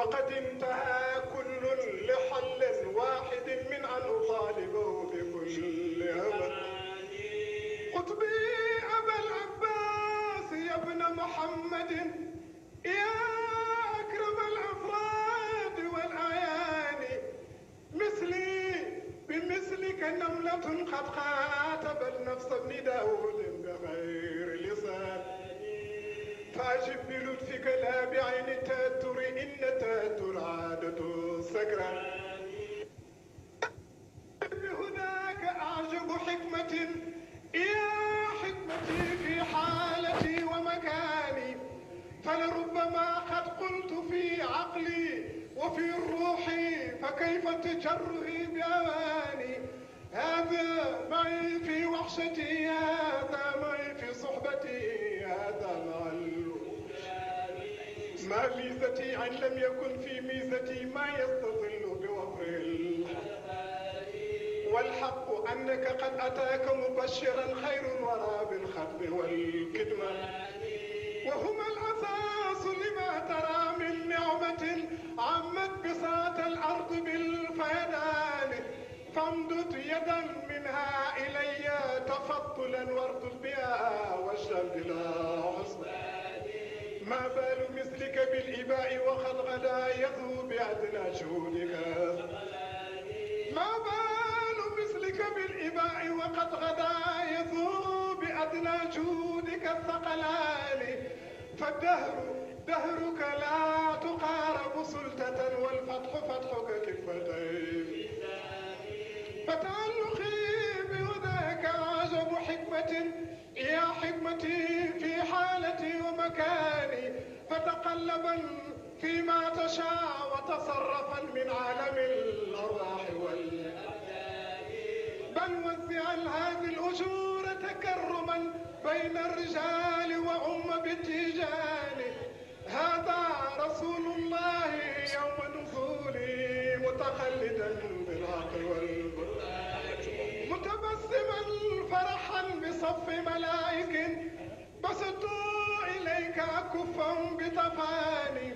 وقد انتهى كل لحل واحد من أن أطالبه بكل أمل قطبي أبا العباس يا ابن محمد يا أكرم الأفراد والأعيان مثلي بمثلك نملة قد خاتب النفس بنداء بغير لسان فأجب بلطفك لا بعين التالي ذكرى هناك أعجب حكمة يا حكمتي في حالتي ومكاني فلربما قد قلت في عقلي وفي روحي فكيف تجرهي بأواني هذا معي في وحشتي هذا معي في صحبتي هذا مع ما ميزتي أن لم يكن في ميزتي ما يستطيع والحق أنك قد أتاك مبشرا خير الورى بالخطب والكتمان وهما الأساس لما ترى من نعمة عمت بساط الأرض بالفيدان فامدد يدا منها إلي تفضلا وارض بها واشتر بلا حسنان ما بال مثلك بالإباء وقد غدا يغدو بأدنى شهودك ما بال بك بالإباء وقد غدا يثور بأدنى جودك الثقلان فالدهر دهرك لا تقارب سلطة والفتح فتحك كلمتين فتعلقي بهداك أعظم حكمة يا حكمتي في حالتي ومكاني فتقلبا فيما تشاء وتصرفا من عالم الأرواح والأرواح بل وزع الهذه الأجور تكرما بين الرجال وعم بالتجال هذا رسول الله يوم نزوله متقلدا بالحق والبرهان متبسما فرحا بصف ملائك بسطوا إليك أكفهم بتفاني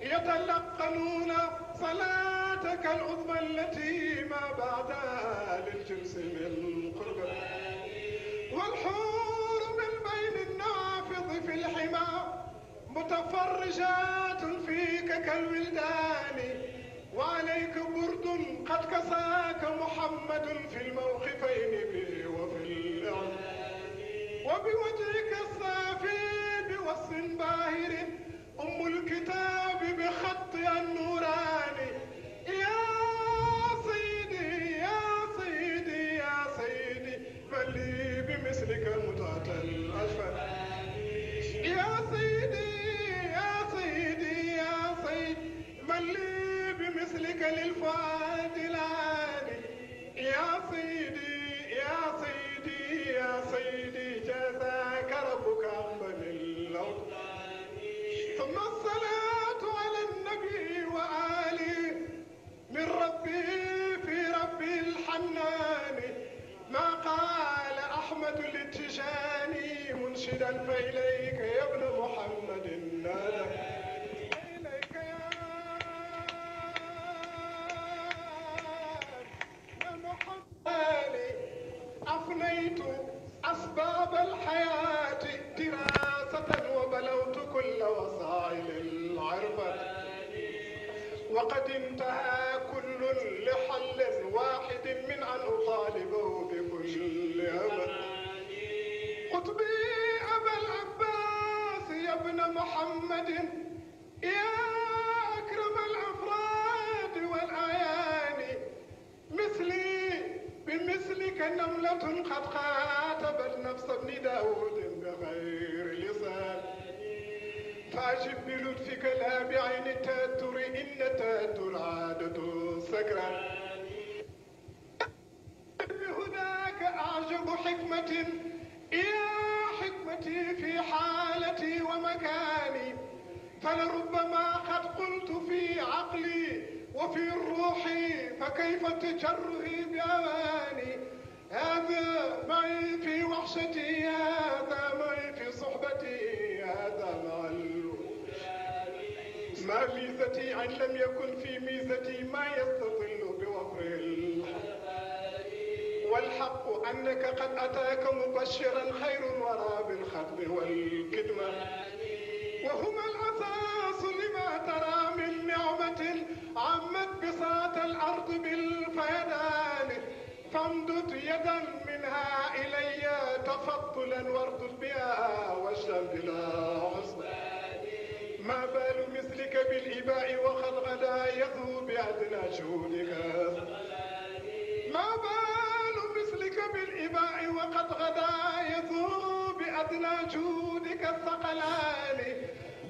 يتلقنون صلاه صلاتك العظمى التي ما بعدها للجنس من قرب والحور من بين النافض في الحمى متفرجات فيك كالولدان وعليك برد قد كساك محمد في الموقفين به وفي الأعلى وبوجهك الصافي بوصف باهر أم الكتاب بخط النوراني للفؤاد العالي يا سيدي يا سيدي يا سيدي جزاك ربك عن اللوم ثم الصلاة على النبي وآله من ربي في ربي الحنان ما قال أحمد للتجاني منشدا فإليك يا ابن محمد النادى أفنيت أسباب الحياة دراسة وبلوت كل وسائل العربة وقد انتهى كل لحل واحد من أن أطالبه بكل أمل قطبي أبا العباس يا ابن محمد يا أكرم الأفراد والأعيان مثلي بمثلك نملة قد خاطبت نفس ابن داود بغير لسان فأجب بلطفك لا بعين التأثر إن التأثر عادة سكران هناك أعجب حكمة يا حكمتي في حالتي ومكاني فلربما قد قلت في عقلي وفي الروح فكيف تجره بأواني هذا معي في وحشتي هذا معي في صحبتي هذا معلو ما ميزتي أن لم يكن في ميزتي ما يستظل بوفر والحق أنك قد أتاك مبشرا خير الورى بالختم والكدمة وهما الأساس لما ترى من نعمة عمت بساط الأرض بالفيدان فامدد يدا منها إلي تفضلا وارض بها واشتم بلا ما بال مثلك بالإباء وخلق لا يذو بأدنى شهودك ما بال مثلك بالإباء وقد غدا يذو بأدنى جودك الثقلان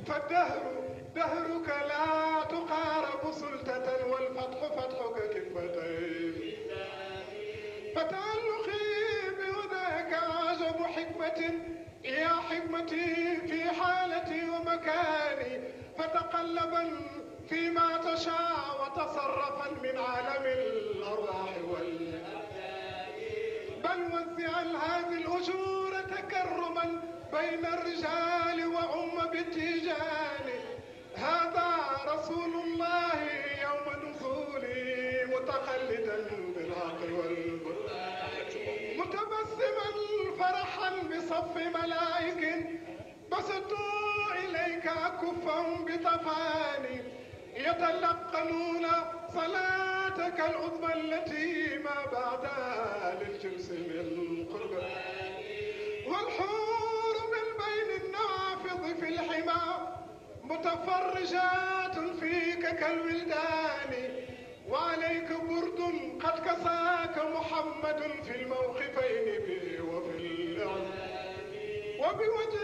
فالدهر دهرك لا تقارب سلطة والفتح فتحك كلمتين فتعلقي بهداك عجب حكمة يا حكمتي في حالتي ومكاني فتقلبا فيما تشاء وتصرفا من عالم الأرواح والأبدان بل وزعا هذه الأجور تكرما بين الرجال وعم بالتيجان هذا رسول الله يوم دخولي متقلدا بالعقل والبرهان متبسما فرحا بصف ملائك بسطوا اليك كفهم بتفاني يتلقنون صلاتك العظمى التي ما بعدها للجنس من قرب والحور من بين النوافذ في الحمى متفرجات فيك كالولدان وعليك برد قد كساك محمد في الموقفين بي وفي الإعلام وبوجه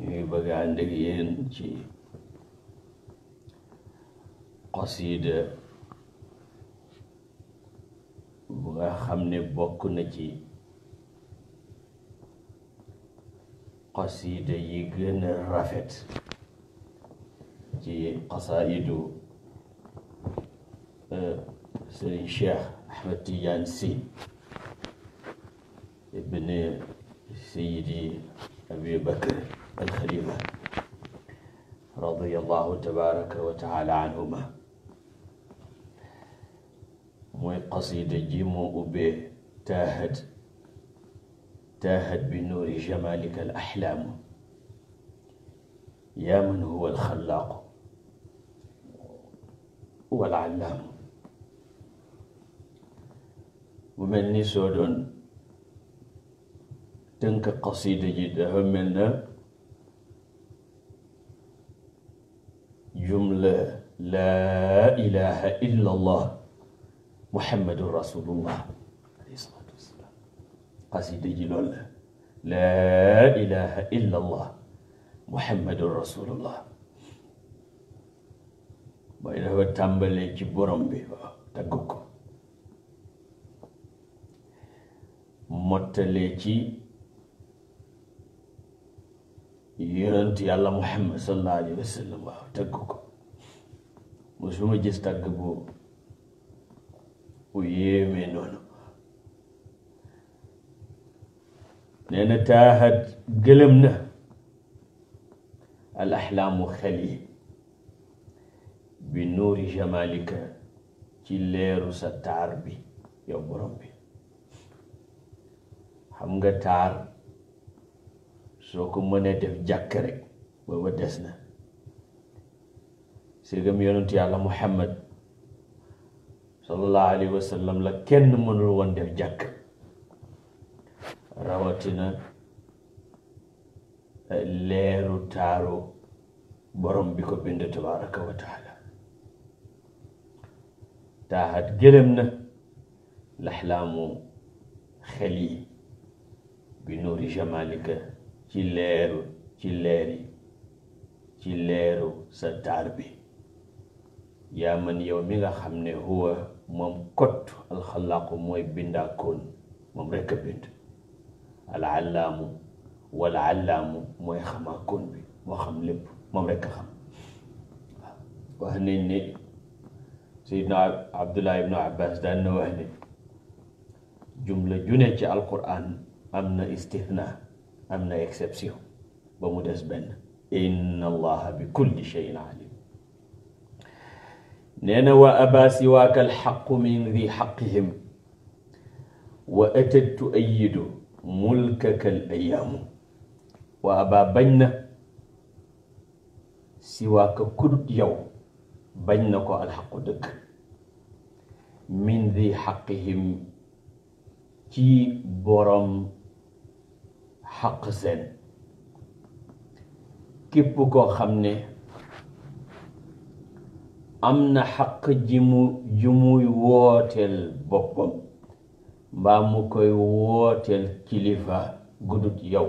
ñuy bëgg ànd ak yeen ci xasida bu nga xam ne bokk na ci xasida yi gën a rafet ci xasaidu euh, sëriñ Cheikh Ahmed Tidiane si ibn Seydi Abi Bakr alxalifa radiyallahu tabaraka wa taala anhuma mooy qasida ji moo ubbee taahat taahat bi nuuri jamalika al axlaamu yaa man huwa alxalaaqu wal allaamu mu mel ni soo doon tënk qasida ji dafa mel na jumla laa ilaha illa allah muhammadun rasulullah alayhi laa ilaha illa allah muhammadun rasulullah mooy dafa tàmbalee ci borom bi waaw tagg yonent yàlla muhammad sallallahu alayhi wa sallam waaw tagg ko musuma gis tagg boobu bu yéemee noonu nee na taahat gëlëm na al axlaamu xel yi bi nuuri jamalika ci leeru sa taar bi yow borom bi xam nga taar soo ko mënee def jàkk rek booba des na séegam yonentu yàlla muhammad sallallahu alayhi wa sallam la kenn mënul woon def jàkk rawatina leeru taaru borom bi ko bind tabaraka wa taala taaxat gëlëm na laxlaamu xel yi bi nuuri jamalika ci leeru ci ci leeru sa bi yaa man yow nga xam ne huwa moom kott alxalaaqu mooy bindaakoon moom rekk a bind alallaamu wala allaamu mooy xamaakoon bi moo xam lépp moom rekk xam wax nañ ne sayidna ibnu abbas daan na wax ne jumla ju ne ci alquran am na istithna am na exception ba mu des benn inna allaha bi kulli cheyin alim nee na wa aba siwaaka alxaqu min di xaqihim wa atat tuayidu mulkaka al ayaamu wa aba bañ na siwaaka kudut yow bañ na ko alxaqu dëgg min di xaqihim ci borom xaq seen képp koo xam ne am na xaq ji mu ji muy wooteel boppam mbaa mu koy wooteel kilifa gudut yow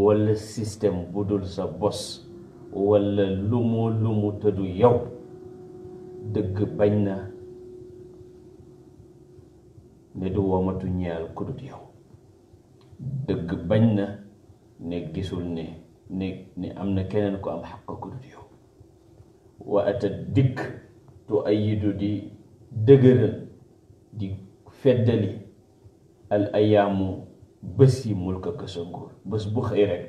wala système bu dul sa bos wala lumu lumu tëdu yow dëgg bañ na ne du womatu ñeel kudut yow dëgg bañ na ne gisul ne ne ne am na keneen ko am xaq ku dul yow wa ata dikk tu ayidu di dëgëral di feddali al ayaamu bés yi mulka ka sa nguur bés bu xëy rek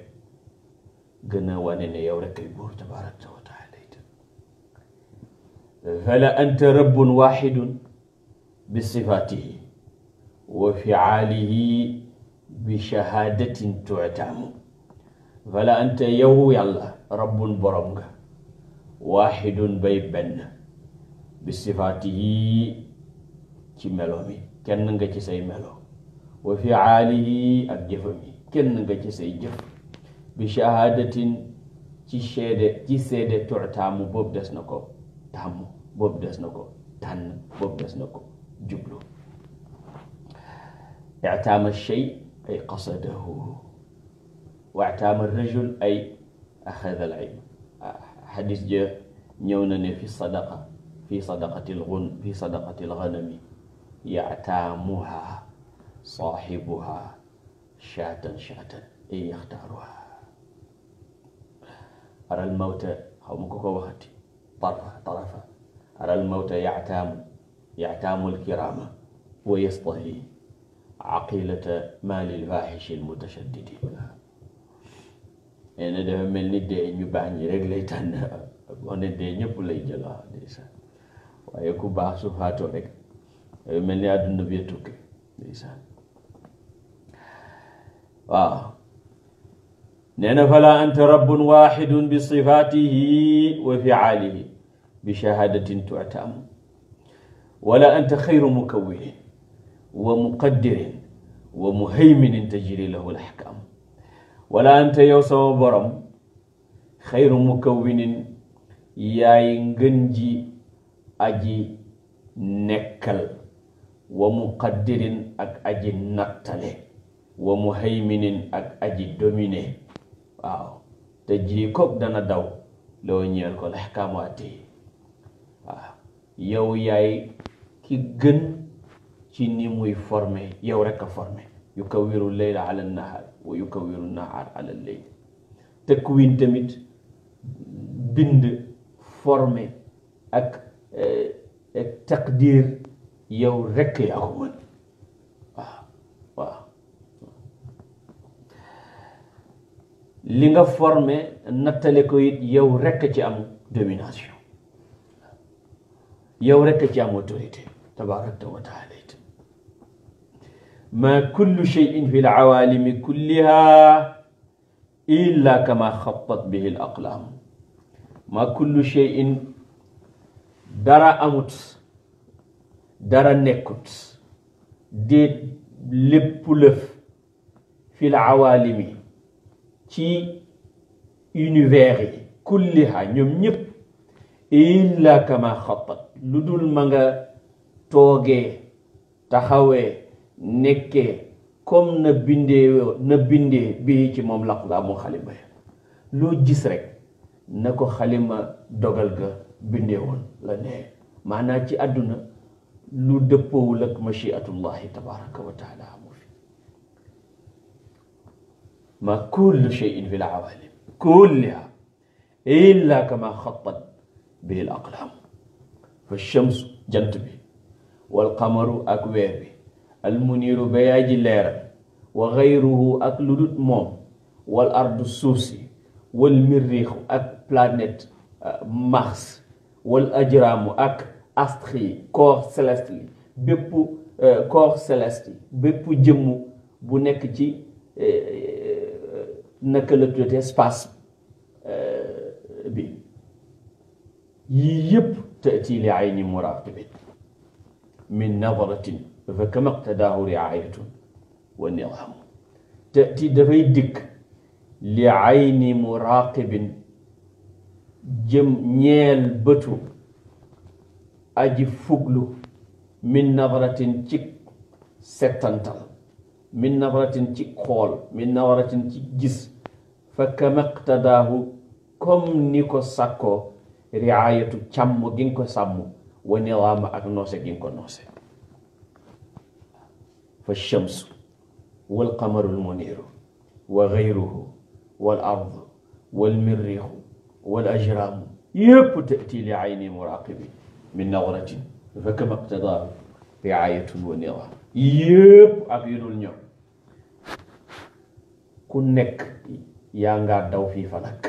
gën a wane ne yow rek ay buur tabaraka wa taala itam fala anta rabbun waxidun bi sifaatihi wa fiaalihi bi shahaadatin tuutaamu fala anta yow yàlla rabbun borom nga waaxidun bay benn bi sifaati yi ci melo mi kenn nga ci say melo wa fi aali yi ak jëfa mi kenn nga ci say jëf bi shahaadatin ci seede ci seede tuutaamu boobu des na ko taamu boobu des na ko tànn boobu des na ko jublu itaama shay ay qasadahu waxtaama rajul ay axada al ilm xadis ja ñëw na ne fi sadaqa fi sadaqati lgun fi sadaqati lganami yataamuha saaxibuha shaatan shaatan ay yaxtaaruha aral mawta xaw ma ko ko waxati tarafa tarafa aral mawta yataamu yataamu alkiraama wa yastahi aqilata ma lil faahishi l mutashaddidin nee na dafa mel ni dee ñu baax ñi rek lay tànn wax ne dee ñëpp lay jël waaw ndeysaan waaye ku baax su faatoo rek dafa mel ni àdduna bi tukki ndeysaan waaw nee na fala anta rabbun waxidun bi sifatihi wa fialihi bi shahadatin tu'tam wala anta xayru mukawwinin wa muqaddirin wa muhayminin tajri lahu lahkam wala anta yow sama borom xayru mukawwinin yaay ngën ji aji nekkal wa muqaddirin ak aji nattale wa muhayminin ak aji domine waaw tajri koog dana daw loo ñeel ko lahkam waaw yow yaay ki gën ci ni forme formé yow rek a formé yukawiru leyla ala nahaar wa yukawiru nahaar ala leyl takwin tamit bind forme eh, ak taqdir yow rekk yaa ko li nga formé nattale ko it rekk ci am domination yow rekk ci am autorité ma kullu cheyin fi lawalimi kulliha illa kama xatat bihi l aqlaam ma kullu cheyin dara amut dara nekkut déet lépp lëf fi lawalimi ci univers yi kulliha ñoom ñëpp illa kama xatat lu dul ma nga toogee taxawee nekkee comme na bindee na bindee bii ci moom làqu nga mu xalima loo gis rek na ko xalima dogal ga bindee woon la nee maanaam ci àdduna lu dëppoowul ak machiatullahi tabaraka wa taala amu fi ma kullu cheyin fi l awalim kulliha illa kama xattat bihi l aqlaam fa shams jant bi wal qamaru ak weer bi almuniiru ba yaay ji wa xayruhu ak lu dut moom wal ardu suuf si wal mirrixu ak planète euh, mars wal ajraamu ak astre yi corps céleste euh, bépp jëmm bu nekk ci euh, naka la tuddee espace bi yii yëpp tati li ayni muraqibin dafa kam iqtadaahu riaayatun wa nidaam te ti dafay dikk li ayni muraqibin jëm ñeel bëtu aji fuglu min nafaratin ci settantal min nafaratin ci xool min nafaratin ci gis fa kam iqtadaahu comme ni ko sàkkoo riaayatu càmm gi nga ko sàmm wa nidaam ak noose gi nga ko noose fa shamsu wal qamarul muniiru wa gayruhu wal ard wal mirrixu wal ajraamu yëpp tati li ayni muraqibi min nadratin fa kama iqtadaa riayatun wa nidaam yëpp ak yu dul ñoom ku nekk yaa ngaa daw fii falak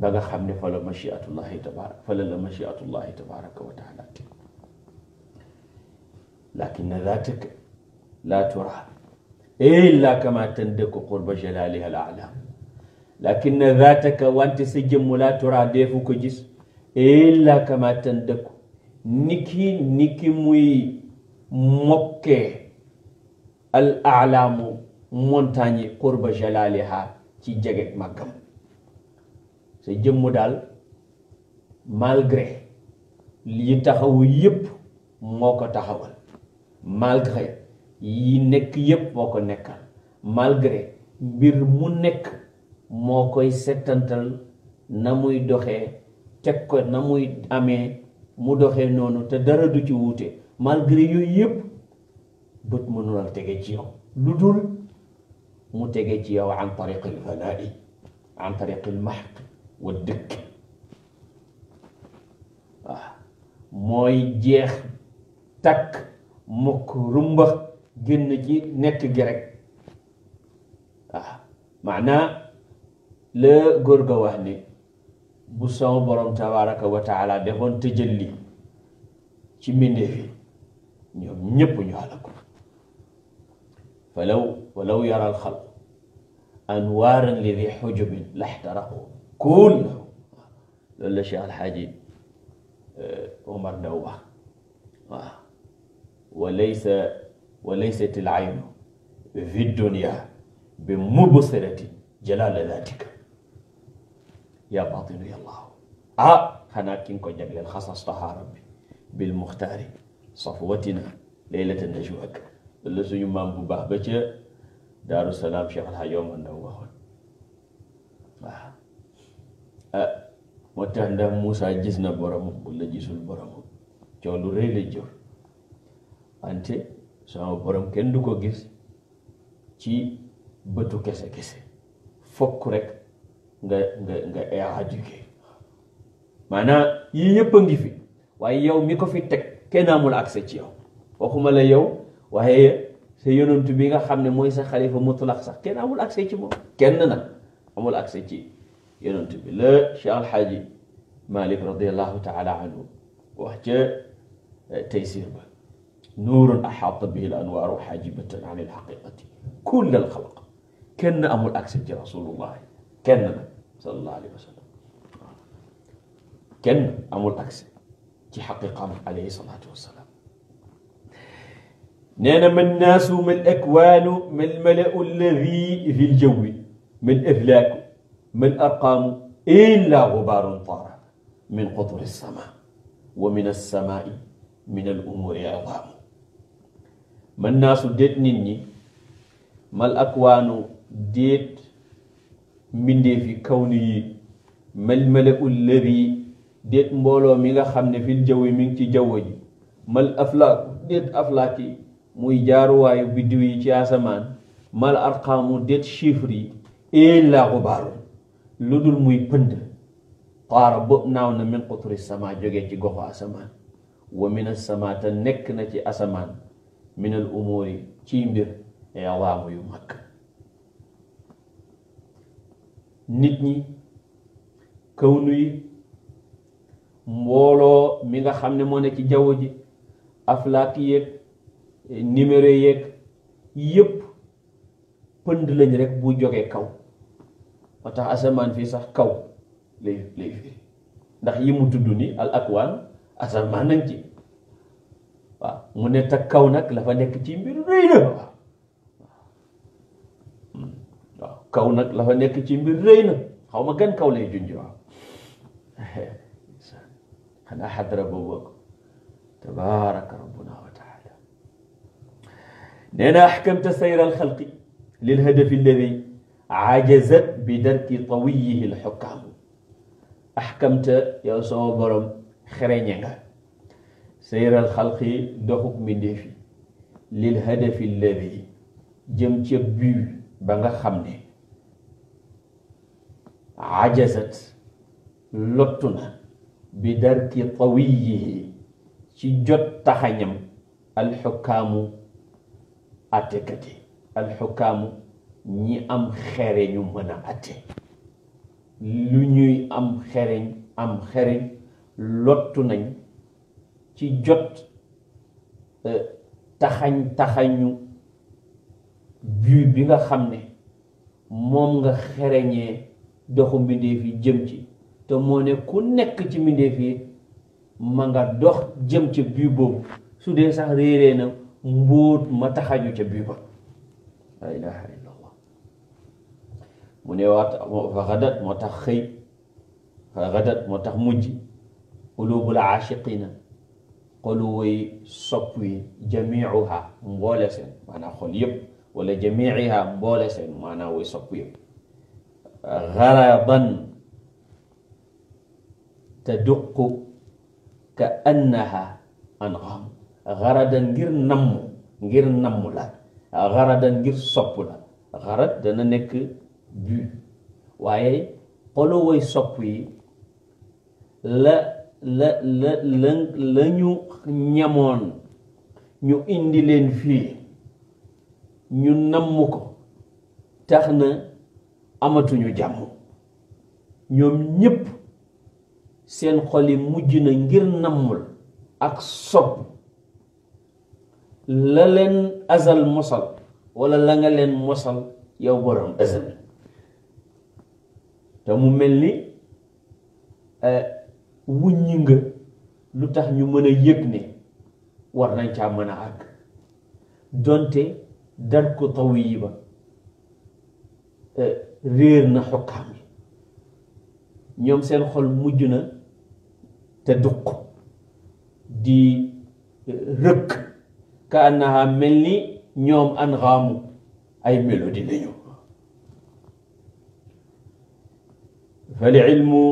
ba nga xam ne fa la machiatullahi tabaraka fa la la machiatullahi tabaraka wa taala lakinna zaataka laa turaa illa kama tandaku qurba jalaaliha al a'la lakinna wante sa jëmm laa turaa deefu ko gis illa kama tandaku niki niki muy mokkee al montagne qurba jalaaliha ci jeget màggam sa jëmm daal malgré li taxawu yépp moo taxawal malgré yi nekk yépp moo ko nekkal malgré mbir mu nekk moo koy settantal na muy doxee teg ko na muy amee mu doxe noonu te dara du ci wuute malgré yooyu yépp bët mënulal tege ci yow lu dul mu tege ci yow an tariq al an tariq al wa dëkk waaw mooy jeex takk mukk rumba génn ci nekk gi rek waaw maanaa la góor ga wax ni bu sama borom tabaraka wa taala defoon tëjëlli ci mbindeef yi ñoom ñépp ñu xalaku falaw walaw yara al xalq anwaaran li di xujubin laxtaraqu kullahu loolu la Cheikh Alxaaji euh, Omar Ndaw wax waaw walaysa walaysat al aynu fi dunya bi mubsirati jalala datika ya batinu ya allah ah xanaa ki nga ko jagleel xasas taha rabbi bil muxtaari safwatina leylata najwak la suñu maam bu baax ba ca daaru salaam cheikh alhaaj omar na waxoon waaw ah moo tax ndax Moussa gis na boromam bu la gisul boromam coow lu rëy la jor ante sama borom kenn du ko gis ci bëtu kese kese fokk rek nga nga nga éduqué maanaam yii yëpp a ngi fi waaye yow mi ko fi teg kenn amul accès ci yow waxuma la yow waaye sa yonantu bi nga xam ne mooy sa xalifa mutlaq sax kenn amul ci moom kenn nag amul accès ci yonantu bi la Cheikh Alxaaji Malik radiallahu taala anhu wax ca eh, Taysir ba nuurun axaata bihi al anwaaru xaajibatan an il xaqiqati kull al xalq kenn amul accès ci rasulullahi kenn nag sallallahu alayhi wa sallam kenn amul accès ci xaqiqam alayhi salaatu wa salaam nee na man naasu mal akwaanu mal malau alladi fi ljawi mal aflaaku mal arqaamu illa gubaarun taara min quturi sama wa min alsamai min al umuri idaamu mën naa su déet nit ñi mal ak waanu déet mbindeef yi kaw ni yi mel mele yi déet mbooloo mi nga xam ne fil jaww mi ngi ci jaww ji mal aflaak déet aflaak yi muy jaaruwaayu biddiw yi ci asamaan mal arqaamu déet chiffre yi laa xubaaru lu dul muy pënd xaara bopp naaw na min quturi sama jógee ci goxu asamaan wa min asama te nekk na ci asamaan min al umuri ciy mbir ay e awaamu yu mag nit ñi kawnu yi mbooloo mi nga xam ne moo nekk ci jaww ji aflaak yeeg numéro yéeg yépp pënd lañ rek bu jógee kaw ba tax asamaan fii sax kaw lay lay firi ndax yi mu tudd ni al akwaan asamaan nañ ci mu ne te kaw nag la fa nekk ci mbir rëy na waaw kaw nag la fa nekk ci mbir rëy na xaw ma gan kaw lay junj waaw xanaa xadra boobu tabaraka rabbuna wa taala nee na axkamta sayr alxalqi lilhadafi alladi ajazat bi darki tawiyihi alxukam axkamta yow sama borom xereñe nga sayral xalqi doxuk mbindéef yi lil hadafi lëri jëm ca biir ba nga xam ne ajazat lottu na bi darki yi ci jot taxañam alxukaamu attekati alxukaamu ñi am xereñu mën a atte lu ñuy am xereñ am xereñ lottu nañ ci jot euh, taxañ taxañu bu bi nga xam ne moom nga xereñee doxu mbindéef jëm ci te moo ne ku nekk ci mbindéef yi ma nga dox jëm ca bu boobu su dee sax réeree na mbóot ma taxaju ca bu ba la ilaha illallah mu ne waat fa xadat moo tax xëy fa xadat moo tax mujj ulubul aashiqina xolu way sopp yi mboole seen maanaam xol yëpp wala jamiiha mboole seen maanaam way sopp yëpp garaban taduqu ka annaha angham garadan ngir namm ngir namm la garadan ngir sopp la garad dana nekk bu waaye xolu way sopp la la la la la ñu ñamoon ñu indi leen fii ñu namm ko tax na amatuñu jàmm ñoom ñépp seen xol mujj na ngir nammul ak sob la leen azal mosal walla la nga leen mosal yow borom azal te mu mel ni eh, wuññi nga lu tax ñu mën a yëg ne war nañ caa mën a àgg donte dar ko taw yi ba eh, réer na xokkaam yi ñoom seen xol mujj na te dukk di eh, rëkk ka annaha mel ni ñoom an xaamu ay mélodie lañu fa li ilmu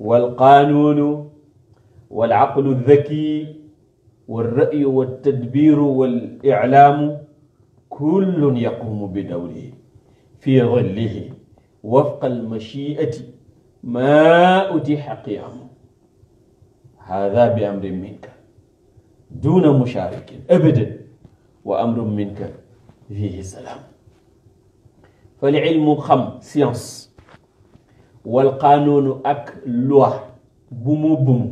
والقانون والعقل الذكي والرأي والتدبير والإعلام كل يقوم بدوره في ظله وفق المشيئة ما أتيح قيامه هذا بأمر منك دون مشارك أبدا وأمر منك فيه سلام فالعلم خم سيانس wal xaanoonu ak loi bu mu bumu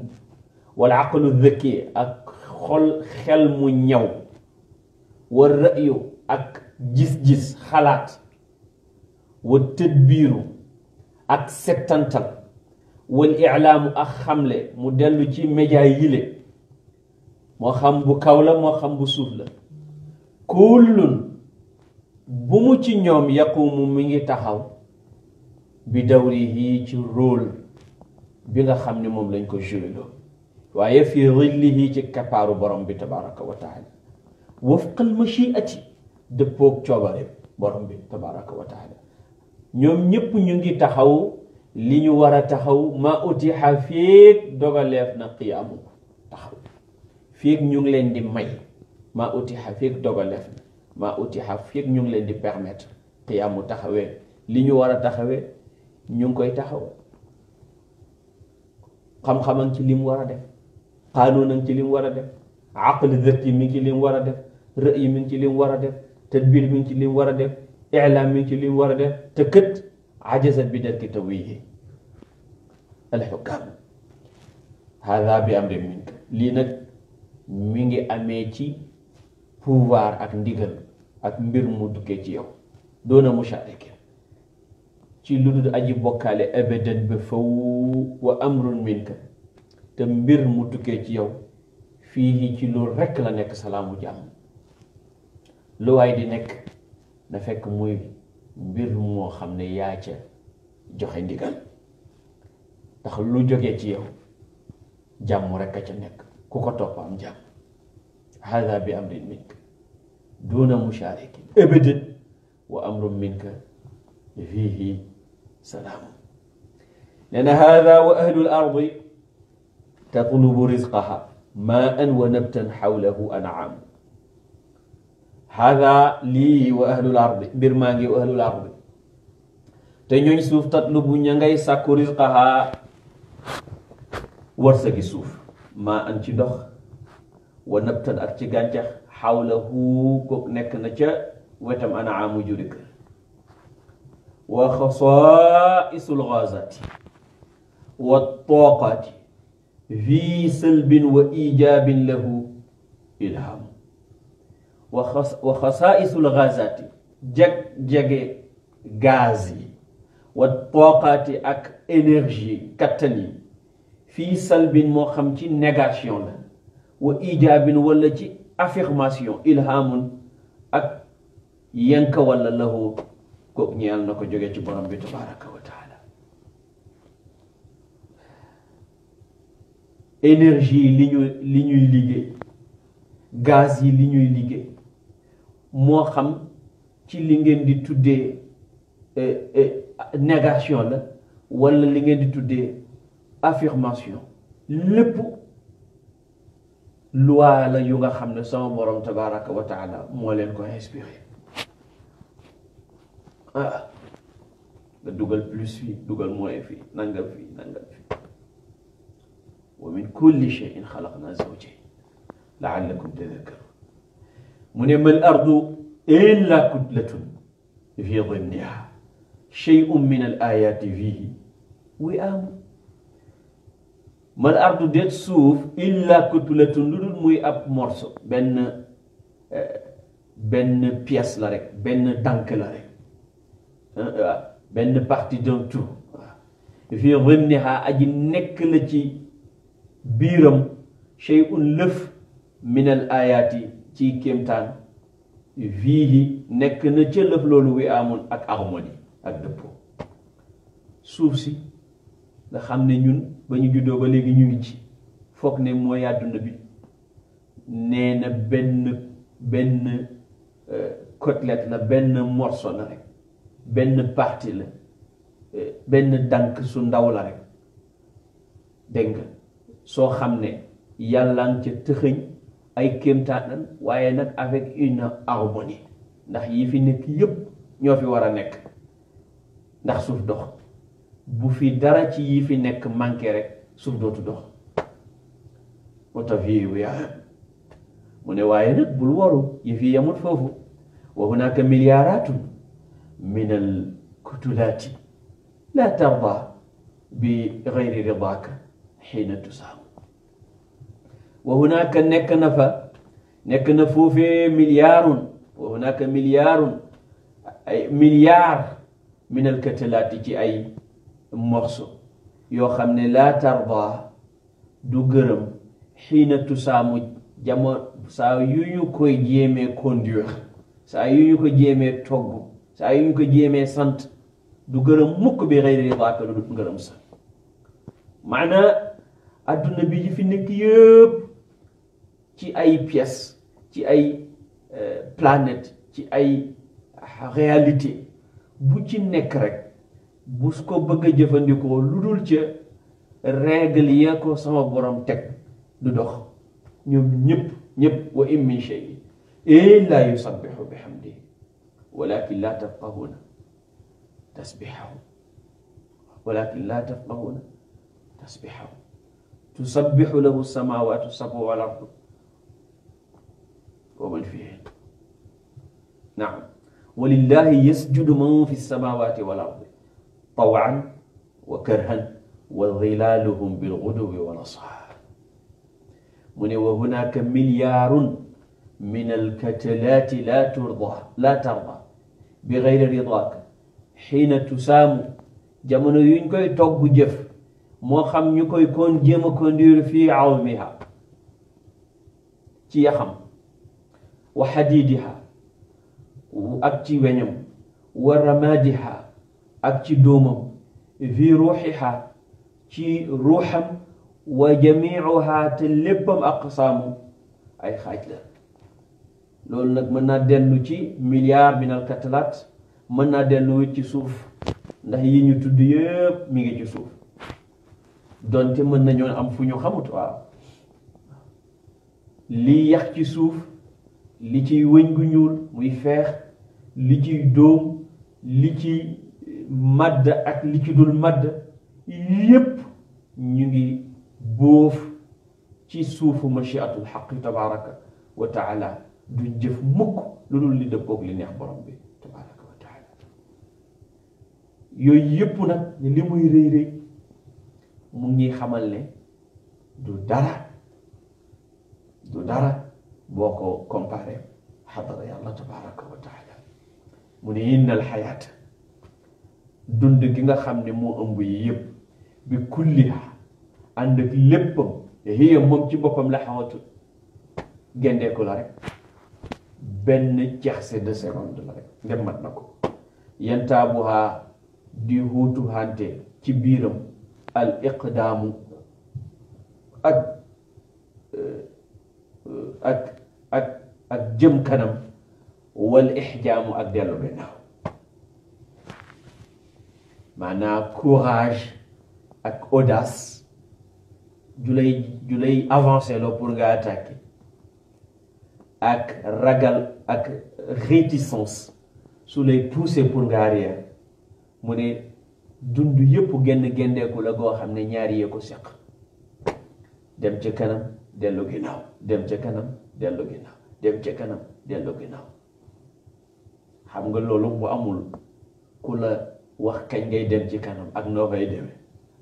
wal aqlu zëkki ak xol xel mu ñaw wal ra'yu ak jis gis xalaat wal tëdbiiru ak settantal wal ilaamu ak xamle mu dellu ci média yile moo xam bu kaw la moo xam bu suuf la kullun bu mu ci ñoom yaqumu mi ngi taxaw bi dawrihi ci rôle bi nga xam ni moom lañ ko joué waaye fi rillihi ci kappaaru borom bi tabaraka wa taala wafqal machiati dëppoog coobare borom bi tabaraka wa ñoom ñëpp ñu ngi taxaw li ñu war a taxaw ma utiha féeg dogaleef na qiyaamu taxaw féeg ñu ngi leen di may ma utiha féeg ma utiha ñu ngi leen di permettre qiyaamu taxawee li ñu war a taxawee ñu ngi koy taxaw xam ci lim war def xaanoon ci lim war a def aqli zët yi mi ngi ci lim war a def rë yi mi ci lim war a def tadbir mi ngi ci lim war a def ilaam mi ci lim war a def te kët ajasat bi darki tawihi alxukam hada bi amri minka lii nag mi ngi amee ci pouvoir ak ndigal ak mbir mu dukkee ci yow doona musharike ci lu dul aji bokkaale abadan ba faw wa amrun minka te mbir mu tukkee ci yow fii ci loolu rekk la nekk salaamu jàmm lu waay di nekk na fekk muy mbir moo xam ne yaa ca joxe ndigal ndax lu jógee ci yow jàmm rekk a ca nekk ku ko topp am jàmm hada bi amrin minka duna musharikin abadan wa amrun minka fiihi سلام لأن هذا وأهل الأرض تطلب رزقها ماء ونبتا حوله أنعام هذا لي وأهل الأرض برمانجي وأهل الأرض تنيون سوف تطلب نيانغاي ساكو رزقها wërsëgi suuf maa am ci ndox wa nabtan ak ci gàncax xawlahu ko nekk na ca wetam ana amu juri kër wa xasaa'isul ghaazati wa tooqaati fi salbin wa ijaabin lahu ilham wa xas wa xasaa'isul ghaazati jeg jege gaz yi wa tooqaati ak énergie kattan yi fii salbin moo xam ci négation la wa ijaabin wala ci affirmation ilhamun ak yenka wala lahu kooku ñeel na ko jógee ci borom bi tabaraka wa taala li ñu li ñuy liggéey gaz yi li ñuy liggéey moo xam ci li ngeen di tuddee eh, eh, négation la walla li ngeen di tuddee affirmation lépp loi la yu nga xam ne sama borom tabaraka wa taala moo leen ko inspiré ah nga dugal plus fii dugal moins fii nangal fii nangal fii wa min kulli shay'in xalaqna zawjayn laallakum tadakkarun mu ne mal ardu illa kutlatun fi dimniha shay'un min al ayati fihi wi amu mal ardu déet suuf illa kutlatun lu dul muy ab morceau benn eh, benn pièce la rek benn tànk la rek benn partie d'un tout waaw fii rimniha aji nekk la ci biiram shay'un lëf min al ci ci kéemtaan yi nekk na ca loolu wi amoon ak harmonie ak dëppoo suuf si nga xam ne ñun ba ñu juddoo ba léegi ñu ngi ci foog ne mooy na bi nee na benn benn euh, côtelette la benn morceau la rek benn parti la eh, benn dànk su ndaw la rek dégg soo xam ne yàlla nga ca tëxëñ ay kéemtaanan waaye nag avec une harmonie ndax yi fi nekk yépp ñoo fi war a nekk ndax suuf dox bu fi dara ci yi fi nekk manqué rek suuf dootu dox moo tax fii mu ne waaye nag bul waru yi fi yamut foofu wa hunaaka miliyaaraatun min alkutulaati la tarda bi gayri ridaaka xiina tusaamu wa hunaaka nekk na fa nekk na foofee milliarun wa hunaaka milliarun ay milliard min alkutulaati ci ay morso yoo xam ne la tarda du gërëm xiina tusaamu jamono saa yu ñu koy jéemee conduire saa yu ñu ko jéemee togg saa yu ñu ko jéemee sant du gërëm mukk bi xëyri ridaaka lu dul ngërëm sa maanaa adduna bi ji fi nekk yëpp ci ay pièces ci ay euh, planet ci ay réalité bu ci nekk rek bu ko bëgg a jëfandikoo lu dul ca règle ya ko sama borom teg du dox ñoom ñëpp ñëpp wa in min shay'in illaa yusabbihu bihamdihi walakin laa tafqahuuna tasbixahum walakin laa tafqahuuna tasbixahum tusabbixu lahu samaawaatu sab'u wal ardu wa man fiihin naam walillahi yasjudu man fi samaawaati wal ardi tawan wa karhan wa zilaaluhum bilguduwi wal asaal mu ne wa hunaaka milyaarun min alkatalaati laa turda laa tarda bi xeyri ridaak xiina tusaamu jamono yuñ koy togg jëf moo xam ñu koy kon jéem a conduire fii awmiha ci yaxam wa xadiidiha ak ci weñam wa ramaadiha ak ci doomam fi ruuxiha ci ruuxam wa jamiicuha te léppam aqsaamu ay xaaj la loolu nag mën naa dellu ci bi na katalaat mën naa dellu ci suuf ndax yi ñu tudd yëpp mi ngi ci suuf donte mën nañoo am fu ñu xamut waaw lii yax ci suuf li ciy wëñ gu ñuul muy feex li ciy dóom li ci màdd ak li ci dul màdd yépp ñu ngi bóof ci suufu machiatul xaqi tabaraka wa taala du jëf mukk lu dul li dëppoog li neex borom bi tabaraka wa taala yooyu nag li muy rëy rëy mu ngi xamal ne du dara du dara boo ko comparé xadara yàlla tabaraka wa mu ne innal xayaata dund gi nga xam ne moo ëmb yi yëpp bi kulliha ànd ak léppam hiya moom ci boppam la xawatu gendeeku la rek benn jaxse de seconde la rek ndem mat na ko yentaabuhaa di huutu hante ci biiram al iqdaamu euh, ak ak ak jëm kanam wal ixjaamu ak dellu gannaaw maanaam courage ak odas ju lay ju loo pour nga attaqué ak ragal ak réticence su lay poussé pour nga arrière mu ne dund yépp genn gendeeku la goo xam ne ñaari yee ko seq dem ca kanam dellu ginnaaw dem ca kanam dellu ginnaaw dem ca kanam gi ginnaaw xam nga loolu bu amul ku la wax kañ ngay dem ci kanam ak noo fay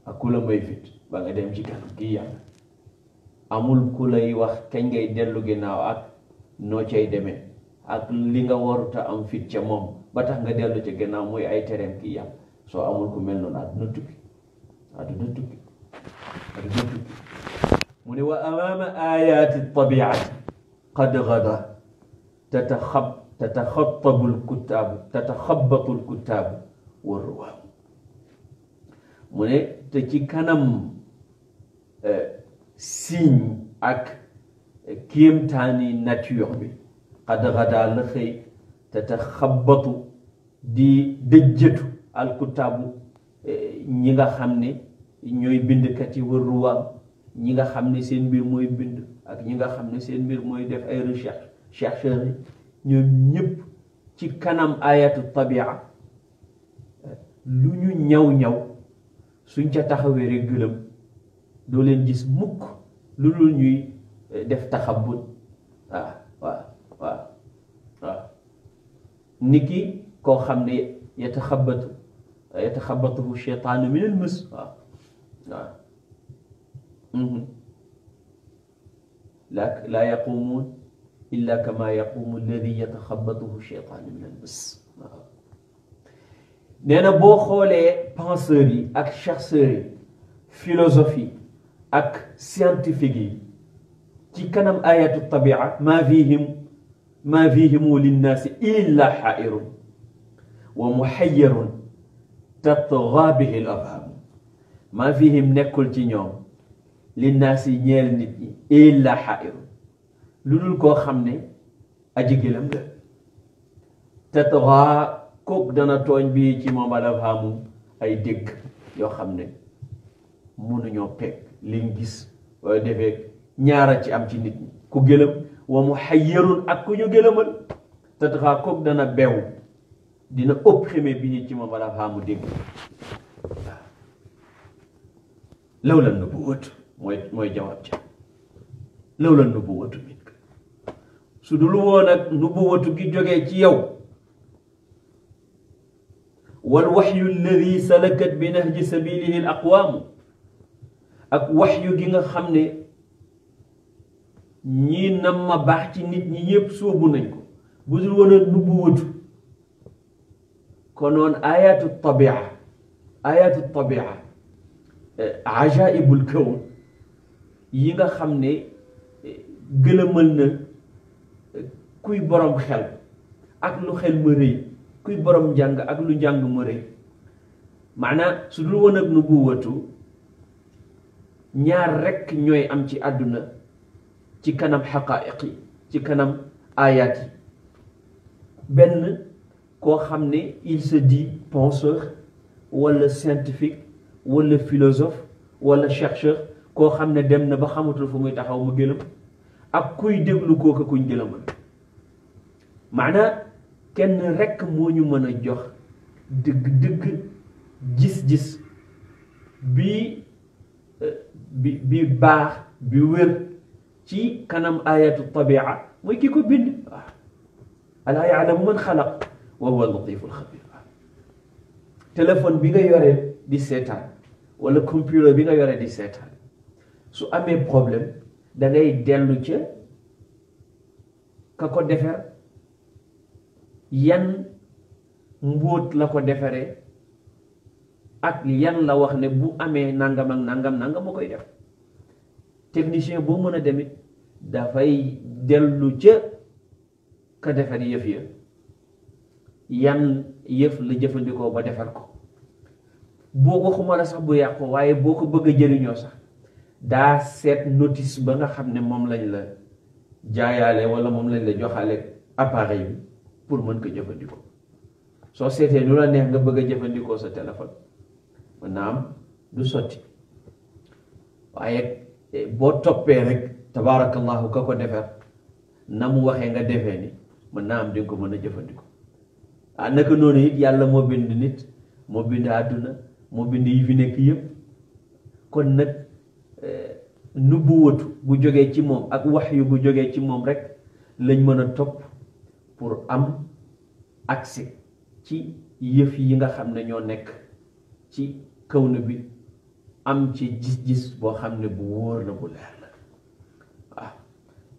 ak ku la may fit ba nga dem ci kanam kii yàlla amul ku lay wax kañ ngay dellu ginnaaw ak noo cay deme ak li nga waruta am fit ca moom ba tax nga dellu ca gannaaw muy ay tereem kii yam soo amul ku mel noonu àdduna tukki àdduna tukki àdduna tukki mu ne wa amaama ayaati tabiati qad gada tataxab tataxattabu lkuttaabu tataxabatu lkuttaabu wa ruwaam mu ne te ci kanam eh, signe ak kéemtaani nature bi xad xadaa la xëy te te xabbatu di dëjjëtu alkutaabu e, ñi nga xam ne ñooy bindkat yi wër ruwaam ñi nga xam ne seen mbir mooy bind ak ñi nga xam ne seen mbir mooy def ay recherche chercheurs yi ñoom ñëpp ci kanam ayatu tabia lu ñu ñaw ñaw suñ ca taxawee rek gëlëm doo leen gis mukk lu dul ñuy def taxabut waaw ah, waaw waaw waaw nit ki koo xam ne yataxabatu yataxabatuhu cheytaanu min al mas waaw waaw mhm. laa laa yaquumuun illa kama yaquumu alladi yataxabatuhu cheytaanu min al mas waaw nee na boo xoolee penseurs yi ak chercheurs yi philosophie ak scientifique yi ci kanam ayatu tabia maa fihim maa fihimu linnaasi illa xaa'irun wa muxayyarun tatgaa bihi l afhamu maa fihim nekkul ci ñoom linnaasi ñeel nit ñi illa xaa'irun lu dul koo xam ne aji gëlëm la tatgaa kook dana tooñ bi ci moom al afhamu ay dégg yoo xam ne mënuñoo peg liñ gis wala defee ñaara ci am ci nit ñi ku gëlëm wa mu xayyarun ak ku ñu gëlëmal tataxaa dana beew dina opprimé bi ñu ci ma balaa faa mu dégg law la nubuwatu mooy mooy jawaab ca law la nubuwatu min su dul woon ak nubuwatu gi jógee ci yow wal waxyu alladi salakat bi nahji sabilihi al ak waxyu gi nga xam ni ñii nam ma baax ci nit ñi yépp sóobu nañ ko bu dul woon a nubbu konoon ayatu tabia ayatu tabia ajaibul kawn yi nga xam ni gëlëmal na kuy borom xel ak lu xel ma rëy kuy borom njàng ak lu njàng ma rëy maanaam su dul woon ak nubbu ñaar rekk ñooy am ci àdduna ci kanam xaqaayiq yi ci kanam aayaat yi benn koo xam ne il se dit penseur wala scientifique wala philosophe wala chercheur koo xam ne dem na ba xamatul fu muy taxaw mu gëlëm ak kuy déglu kooka kuñ gëlëmal maanaa kenn rekk moo ñu mën a jox dëgg-dëgg gis-gis bi euh, bi bi baax bi wér ci kanam ayatu tabia mooy ki ko bind waaw alaa yaalamu man xalaq wa huwa latiful xabir téléphone bi nga yore di seetaan wala computer bi nga yore di seetaan su amee problème da ngay dellu ca ka ko defer yan mbóot la ko deferee ak yan la wax ne bu amee nangam ak nangam nangam ma koy def technicien boo mën a demit dafay dellu jë ka defar yëf ya yan yëf la jëfandikoo ba defar ko boo ko xumala sax bu yàqu waaye boo ko bëgg jëriñoo sax daa seet notice ba nga xam ne moom lañ la jaayaale wala moom lañ la joxaale appareil bi pour mën ko jëfandikoo soo seetee nu la neex nga bëgg a jëfandikoo sa téléphone mën naa am du sotti waaye boo toppee rek tabaarakallahu ka ko defar na mu waxee nga defee ni mën naa am di ko mën a jëfandikoo ah naka noonu it yàlla moo bind nit moo bind àdduna moo bind yi fi nekk yëpp kon nag eh, nubuwatu bu jógee ci moom ak wax yu bu jógee ci moom rek lañ mën a topp pour am accès ci yëf yi nga xam ne ñoo nekk ci kaw na bi am ci gis-gis boo xam ne bu wóor la bu leer la waaw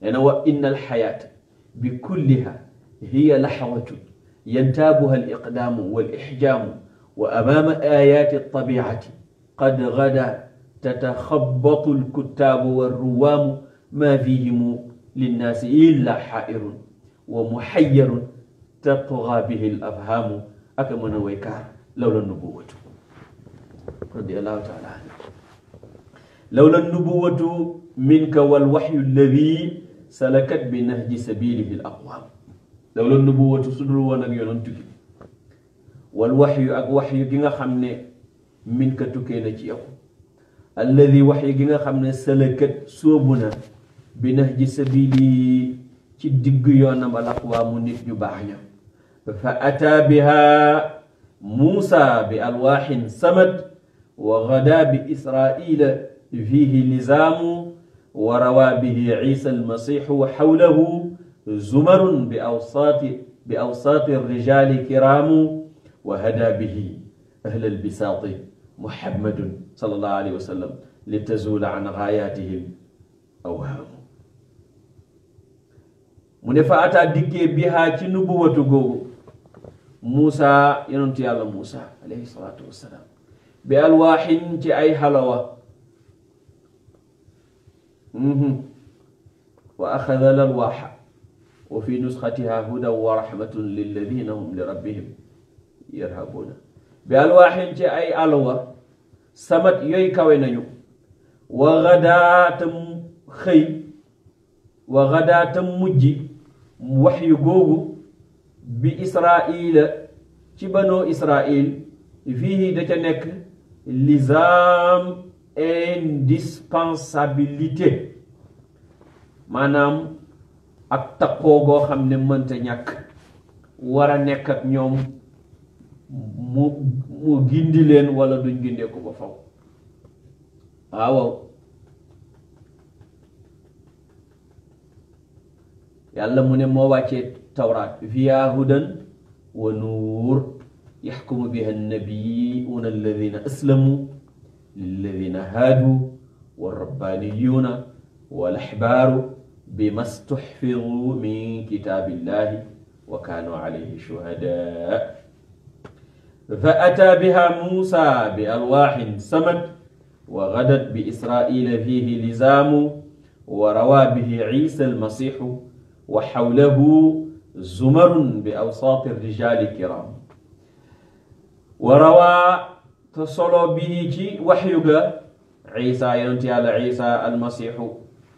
nee na wa inna alxayaata bi kulliha hiya laxawatu yantaabuha aliqdaamu walixjaamu wa amaama ayaati altabiati qad gada tataxabatu alkuttaabu walruwaamu ma fihimu linnaasi illa xaa'irun wa muxayyarun tatgaa bihi alafhaamu aka mën a waykaar lawla nubuwatu radiyallahu taala anhu lawla nubuwatu minka wal waxyu alladi salakat bi nahji sabilihi l aqwaam lawla nubuwatu su dul woon ak yonantu gi wal waxyu ak waxyu gi nga xam ne minka tukkee na ci yow alladi waxyu gi nga xam ne salakat sóobu na bi nahji sabilihi ci digg yoonam al aqwaamu nit ñu baax ña fa ataa biha muusa bi alwaaxin samad wa ghadaa bi israila fiihi nizaamu wa rawaa bihi isa almasihu wa xawlahu zumarun bi awsaati bi awsaati rijaali kiraamu wa hadaa bihi ahla albisaati muhammadun sallallahu alayhi wa sallam li tazuula an gaayaatihim awhaamu mu ne fa ataa dikkee bihaa ci nubuwatu googu Muusa yonentu yàlla Muusa alayhi salaatu wassalaam bi alwaaxin ci ay xalawa wa axada al alwaaxa wa fi nusxatiha hudan wa raxmatun lilladina hum li rabbihim yarhabuuna bi alwaaxin ci ay alwa samat yooyu kawe nañu wa xadaatam xëy wa xadaatam mujj wax yu googu bi israila ci banoo israil fii da ca nekk lisam indispensabilité maanaam ak takkoo goo xam ne mënta ñàkk war a nekk ak ñoom mu mu gindi leen wala duñ gindee ko ba faw ah, waaw yàlla mu ne moo wàccee tawraat fiyaa hudan wa yaxkumu biha annabiyuuna alladina aslamu lilladina haadu warrabbaaniyuuna walaxbaaru bima stuxfiduu min kitaabillahi wa kaanuu alayhi shuhadaa fa ataa biha muusa bi alwaaxin samad wa gadat bi israa'iila fiihi lizaamu wa rawaa bihi ciisa almasiixu wa xawlahu zumarun bi awsaati rijaali kiraam wa rawaa te solo bii ci waxyu ga isa yonent yàlla isa almasihu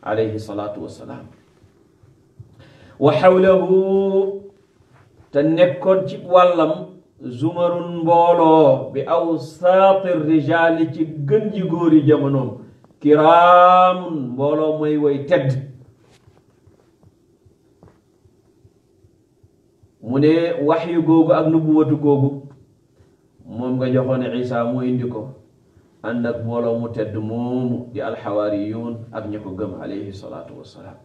alayhi salaatu wassalaam wa xawlahu te nekkoon ci wàllam zumarun mbooloo bi aw saati rijaali ci gën ji góori jamonoom kiraamun mbooloo mooy way tedd mu ne waxyu googu ak nubuwatu googu moom nga joxoon Isa mu indi ko ànd ak mbooloo mu tedd moomu di alxawaariyuun ak ña ko gëm alayhi salaatu wassalaam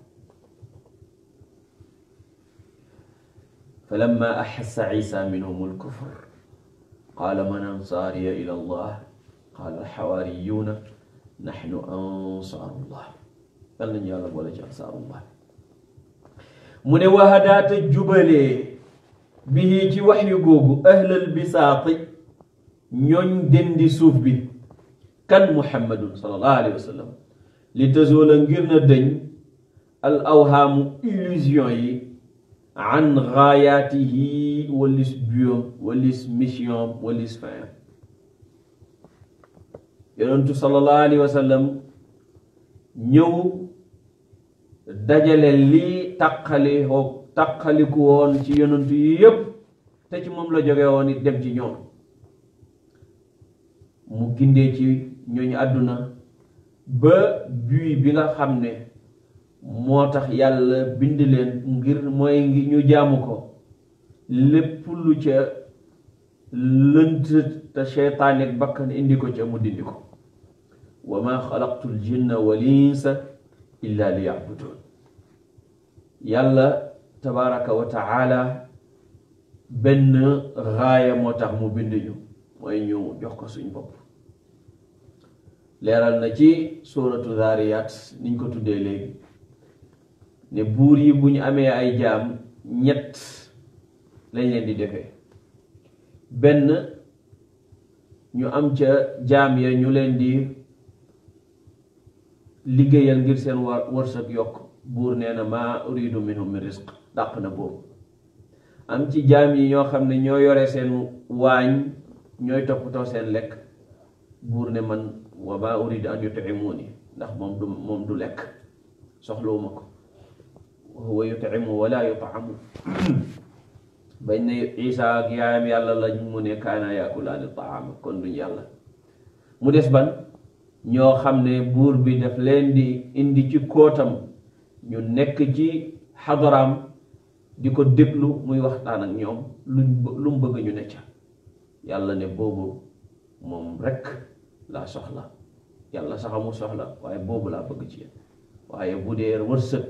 falamma axassa Isa minhum alkufr qaala man ansaariya ila allah qaala alxawaariyuuna naxnu ansaarullah yal nañu yàlla boole ci ansaarullah mu ne wahadaata jubalee bihi ci waxyu googu ahlal bisaati ñooñ dendi suuf bi kan muhammadun sallallahu alayhi wa sallam li tazula ngir na deñ al awhaamu illusion yi an gaayaatihi walis buyom walis mission walis fin yonentu sallallahu alayhi wa sallam ñëw dajale li taqali ci yonentu yi yépp te ci moom la jóge woon it dem ci ñoom mu gindee ci ñooñu àdduna ba buy bi nga xam ne moo tax yàlla bind leen ngir mooy ngi ñu jaamu ko lépp lu ca lënt te seytaane bakkan indi ko ca mu dindi ko wa ma xalaqtul jinna wal insa li yabudun yàlla tabaraka wa taala benn raaya moo tax mu bind ñu mooy ñu jox ko suñ bopp leeral na ci suratu zaariyaat niñ ko tuddee léegi ne buur yi bu ñu amee ay jaam ñett lañ leen di defee benn ñu am ca jaam ya ñu leen di liggéeyal ngir seen war wërsëg yokk buur nee na maa uridu minhum min dàq na boobu am ci jaam yi ñoo xam ne ñoo yore seen waañ ñooy toppatoo seen lekk buur ne man wa maa uridu an yut'imuuni ndax moom du moom du lekk soxlawuma ko wa huwa yut'imu wa laa yut'amu bañ ne Isaa ak yaayam yàlla lañ mu ne kaana yaakulaani taama kon duñ yàlla mu des ban ñoo xam ne buur bi daf leen di indi ci kootam ñu nekk ci xadaraam di ko déglu muy waxtaan ak ñoom lu mu bëgg ñu ne ca yàlla ne boobu moom rekk laa soxla yàlla sax amul soxla waaye boobu laa bëgg ci yéen waaye bu dee wërsëg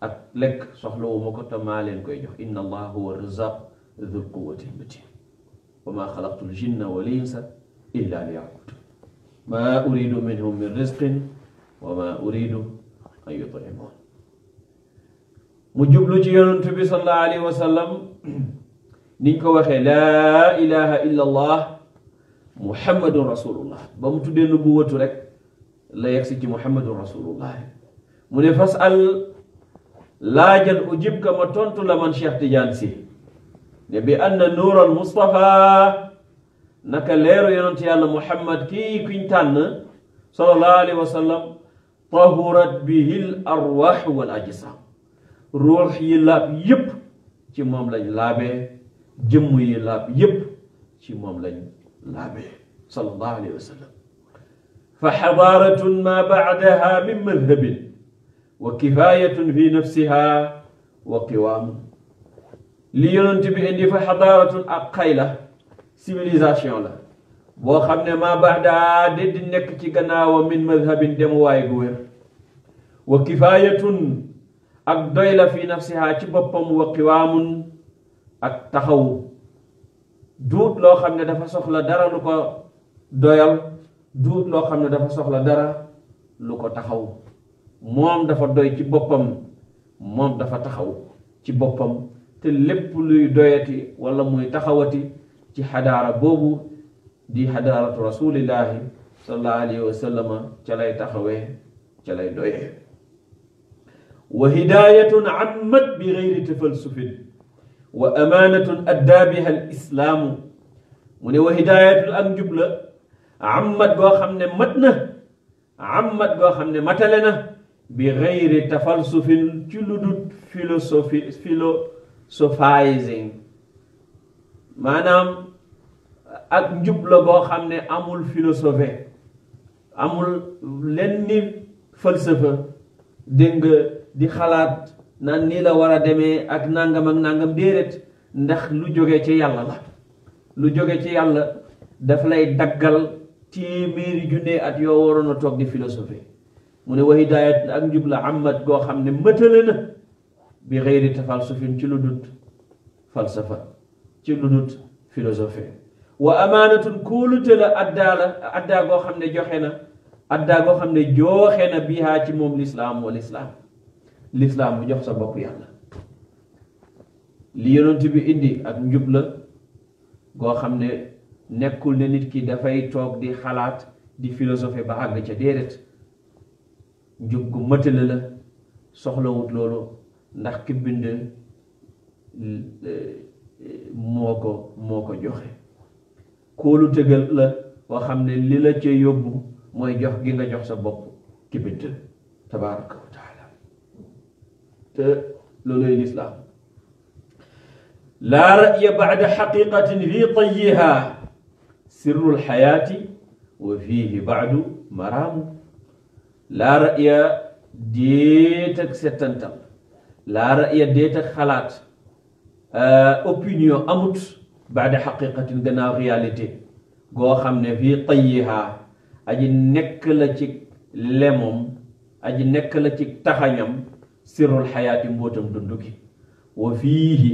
ak lekk soxlawu ma ko te maa leen koy jox inna allaha huwa razaq dul quwati matin wa maa xalaqtu l jinna wal insa illa li yacbudun maa uridu minhum min risqin wa maa uridu an yutimoon mu jublu ci yonent bi sallallahu alayhi wa sallam niñ ko waxee laa ilaha illa allah muhammadun rasulullah ba mu rek la yegsi ci muhammadun rasulullah mu ne fas al laajal ka ma tontu la man Cheikh Tidiane si ne bi anna nuural Mustapha naka leeru yonent yàlla Muhammad kii kuñ tànn sallallahu alayhi wa sallam bihi l arwaax wal ajsam yi laab yépp ci moom lañ laabe jëmm yi laab yépp ci moom lañ laabee sallallahu alayhi wa sallam fa xadaaratun ma baadaha min madhabin wa kifayatun fi nafsiha wa qiwaam li yonent bi indi fa xadaaratun ak xay la civilisation la boo xam ne ma baadaha de di nekk ci gannaawam min madhabin dem waay gu wér wa kifayatun ak doy la fi nafsiha ci boppam wa qiwaamun ak taxawu duut loo xam ne dafa soxla dara lu ko doyal duut loo xam ne dafa soxla dara lu ko taxaw moom dafa doy ci boppam moom dafa taxaw ci boppam te lépp luy doyati wala muy taxawati ci xadaara boobu di xadaaratu rasulillahi sallallahu alayhi wa sallama ca lay taxawee ca lay doyee wa hidayatun ammat bi geyri tafalsufin wa amaanatun addaa bi al islaamu mu ne wa hidaayatul ak njubla la ammat goo xam ne mat ammat goo xam ne matale na bi gayri tafalsufin ci lu dut philosophie philosophizing maanaam ak njub goo xam ne amul philosophe amul lenn falsafa dégg di xalaat naan nii la war a demee ak nangam ak nangam déedéet ndax lu jóge ci yàlla la lu jóge ci yàlla daf lay daggal téeméeri junne at yoo waroon a toog di philosophie mu ne wa hidaayat ak njub la amat goo xam ne mëtale na bi ci lu dut lu dut philosophie wa amaanatun la addaa la addaa goo xam ne joxe na addaa goo xam ne jooxe na bihaa ci moom lislaam wal islaam lislaam bu jox sa bopp yàlla li yonent bi indi ak njub la goo xam ne nekkul ne nit ki dafay toog di xalaat di philosophe ba àgg ca déedéet njub gu mëtale la soxlawut loolu ndax ki bind moo ko moo ko joxe kóolu tëgal la boo xam ne li la ca yóbbu mooy jox gi nga jox sa bopp ki bind te looloy lislaam laa ra'ya ba'da xaqiqatin fi tayyiha sirru lxayaati wa fiihi ba'du maraamu laa ra'ya déet settantal laa ra'ya déet ak xalaat euh, opinion amut ba'da xaqiqatin gannaaw réalité goo xam ne fii tayyiha aji nekk la ci aji nekk la ci taxañam sirrul xayaati mbóotam dund gi wa fiihi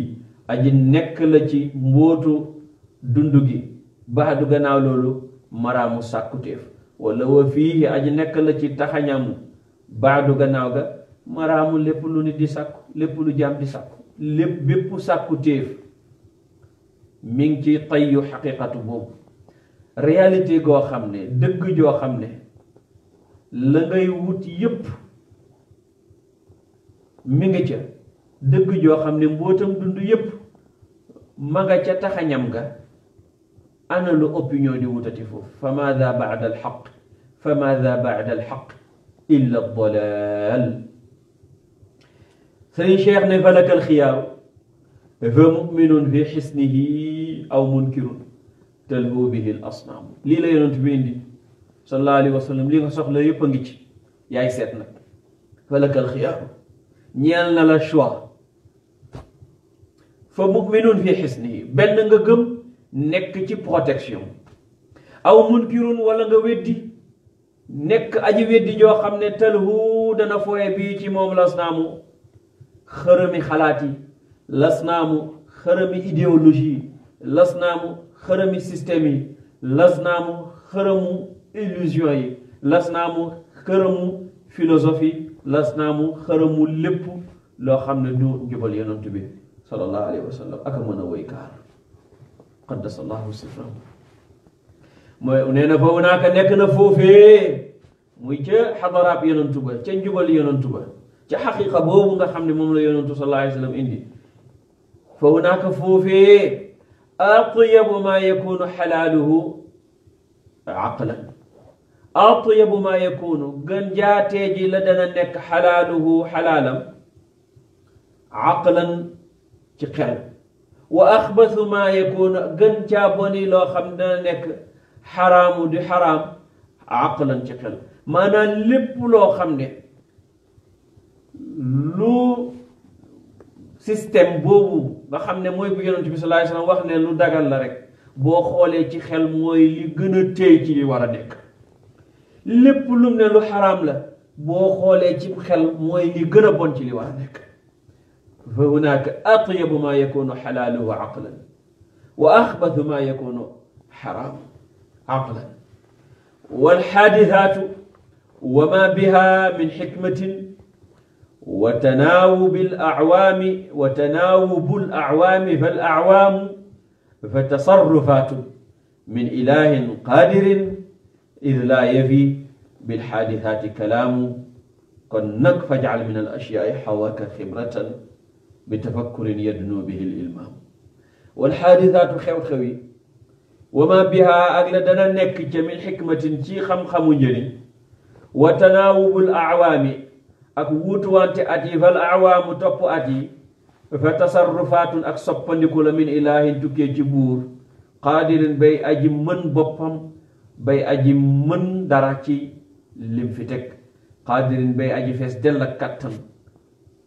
aji nekk la ci mbóotu dund gi baxadu gannaaw loolu maraamu sàkkuteef wala wa fiihi aji nekk la ci taxañamu baxadu gannaaw ga maraamu lépp lu nit di sàkku lépp lu jaam di sàkku lépp bépp sàkkuteef mi ngi ci tayyu xaqiqatu boobu réalité goo xam ne dëgg joo xam ne la ngay wut yépp mi nga ca dëgg joo xam ne mbootam dund yépp ma nga ca taxañam nga ana lu opinion di wutati foofu fa maada baada alxaq fa maada baada alxaq illa dalal sëriñ cheikh ne falaka alxiyaaru fa muminun fi xisnihi aw munkirun talhu bihi l asnaamu lii la yonent bi indi sallallahu alayhi wa sallam li nga soxla yépp a ngi ci yaay seet nag falaka alxiyaaru ñeel na la choix fa muminun fi xisni benn nga gëm nekk ci protection aw munkirun wala nga weddi nekk aji weddi joo xam ne talhu dana fooye bii ci moom las naamu xërëmi xalaat yi las naamu xërëmi idéologie yi las naamu xërëmi système yi las naamu xërëmu illusion yi las naamu xërëmu philosophie las naa mu xaramu lépp loo xam ne du njubal yonent bi sallallahu alayhi wa sallam ak a mën a woy kaar qaddasa allahu sirrahu mooy nee na fa wanaaka nekk na foofee muy ca xadaraab yonent ba ca njubal yonent ba ca xaqiqa boobu nga xam ne moom la yonentu sallallahu alayhi wa sallam indi fa wanaaka foofee atyabu ma yakunu xalaaluhu aqlan atyabu ma yakunu gën jaatee ji la dana nekk xalaaluhu xalaalam aqlan ci xel wa axbasu ma yakunu gën caa loo xam dana nekk xaraamu di xaraam aqlan ci xel maanaam lépp loo xam ne lu système boobu nga xam ne mooy bu yonent bi sallallahu alayhi wasallam wax ne lu dagal la rek boo xoolee ci xel mooy li gën a téy ci war a nekk lépp lu ne lu xaraam la boo xoolee ci xel mooy li gën a bon ci li war a nekk fa hunaka atyabu ma yakunu xalaaluhu aqlan wa axbatu ma yakunu xaraam aqlan walxaadithaatu wa ma biha min xikmatin wa tanaawubi al acwaami wa tanaawubu al acwaami fa al acwaamu fa tasarrufaatu min ilahin qaadirin id laa yafi bilxaadisaati kalaamu kon nag fajal min al ashyaai xawaka xibratan bi tafakkurin yadnu bihi l ilmaam walxaadisaatu xew-xew yi wama bihaa ak la dana nekk ca min xikmatin ci xam-xamu njëriñ wa tanaawubul acwaami ak wuutuwante at yi fal acwaamu topp at yi fa tasarrufaatun ak soppandiku la min ilaahin tukkee ci buur qaadirin bay aji mën boppam bay aji mën dara ci lim fi teg xaadirin bay aji fees dell ak kàttan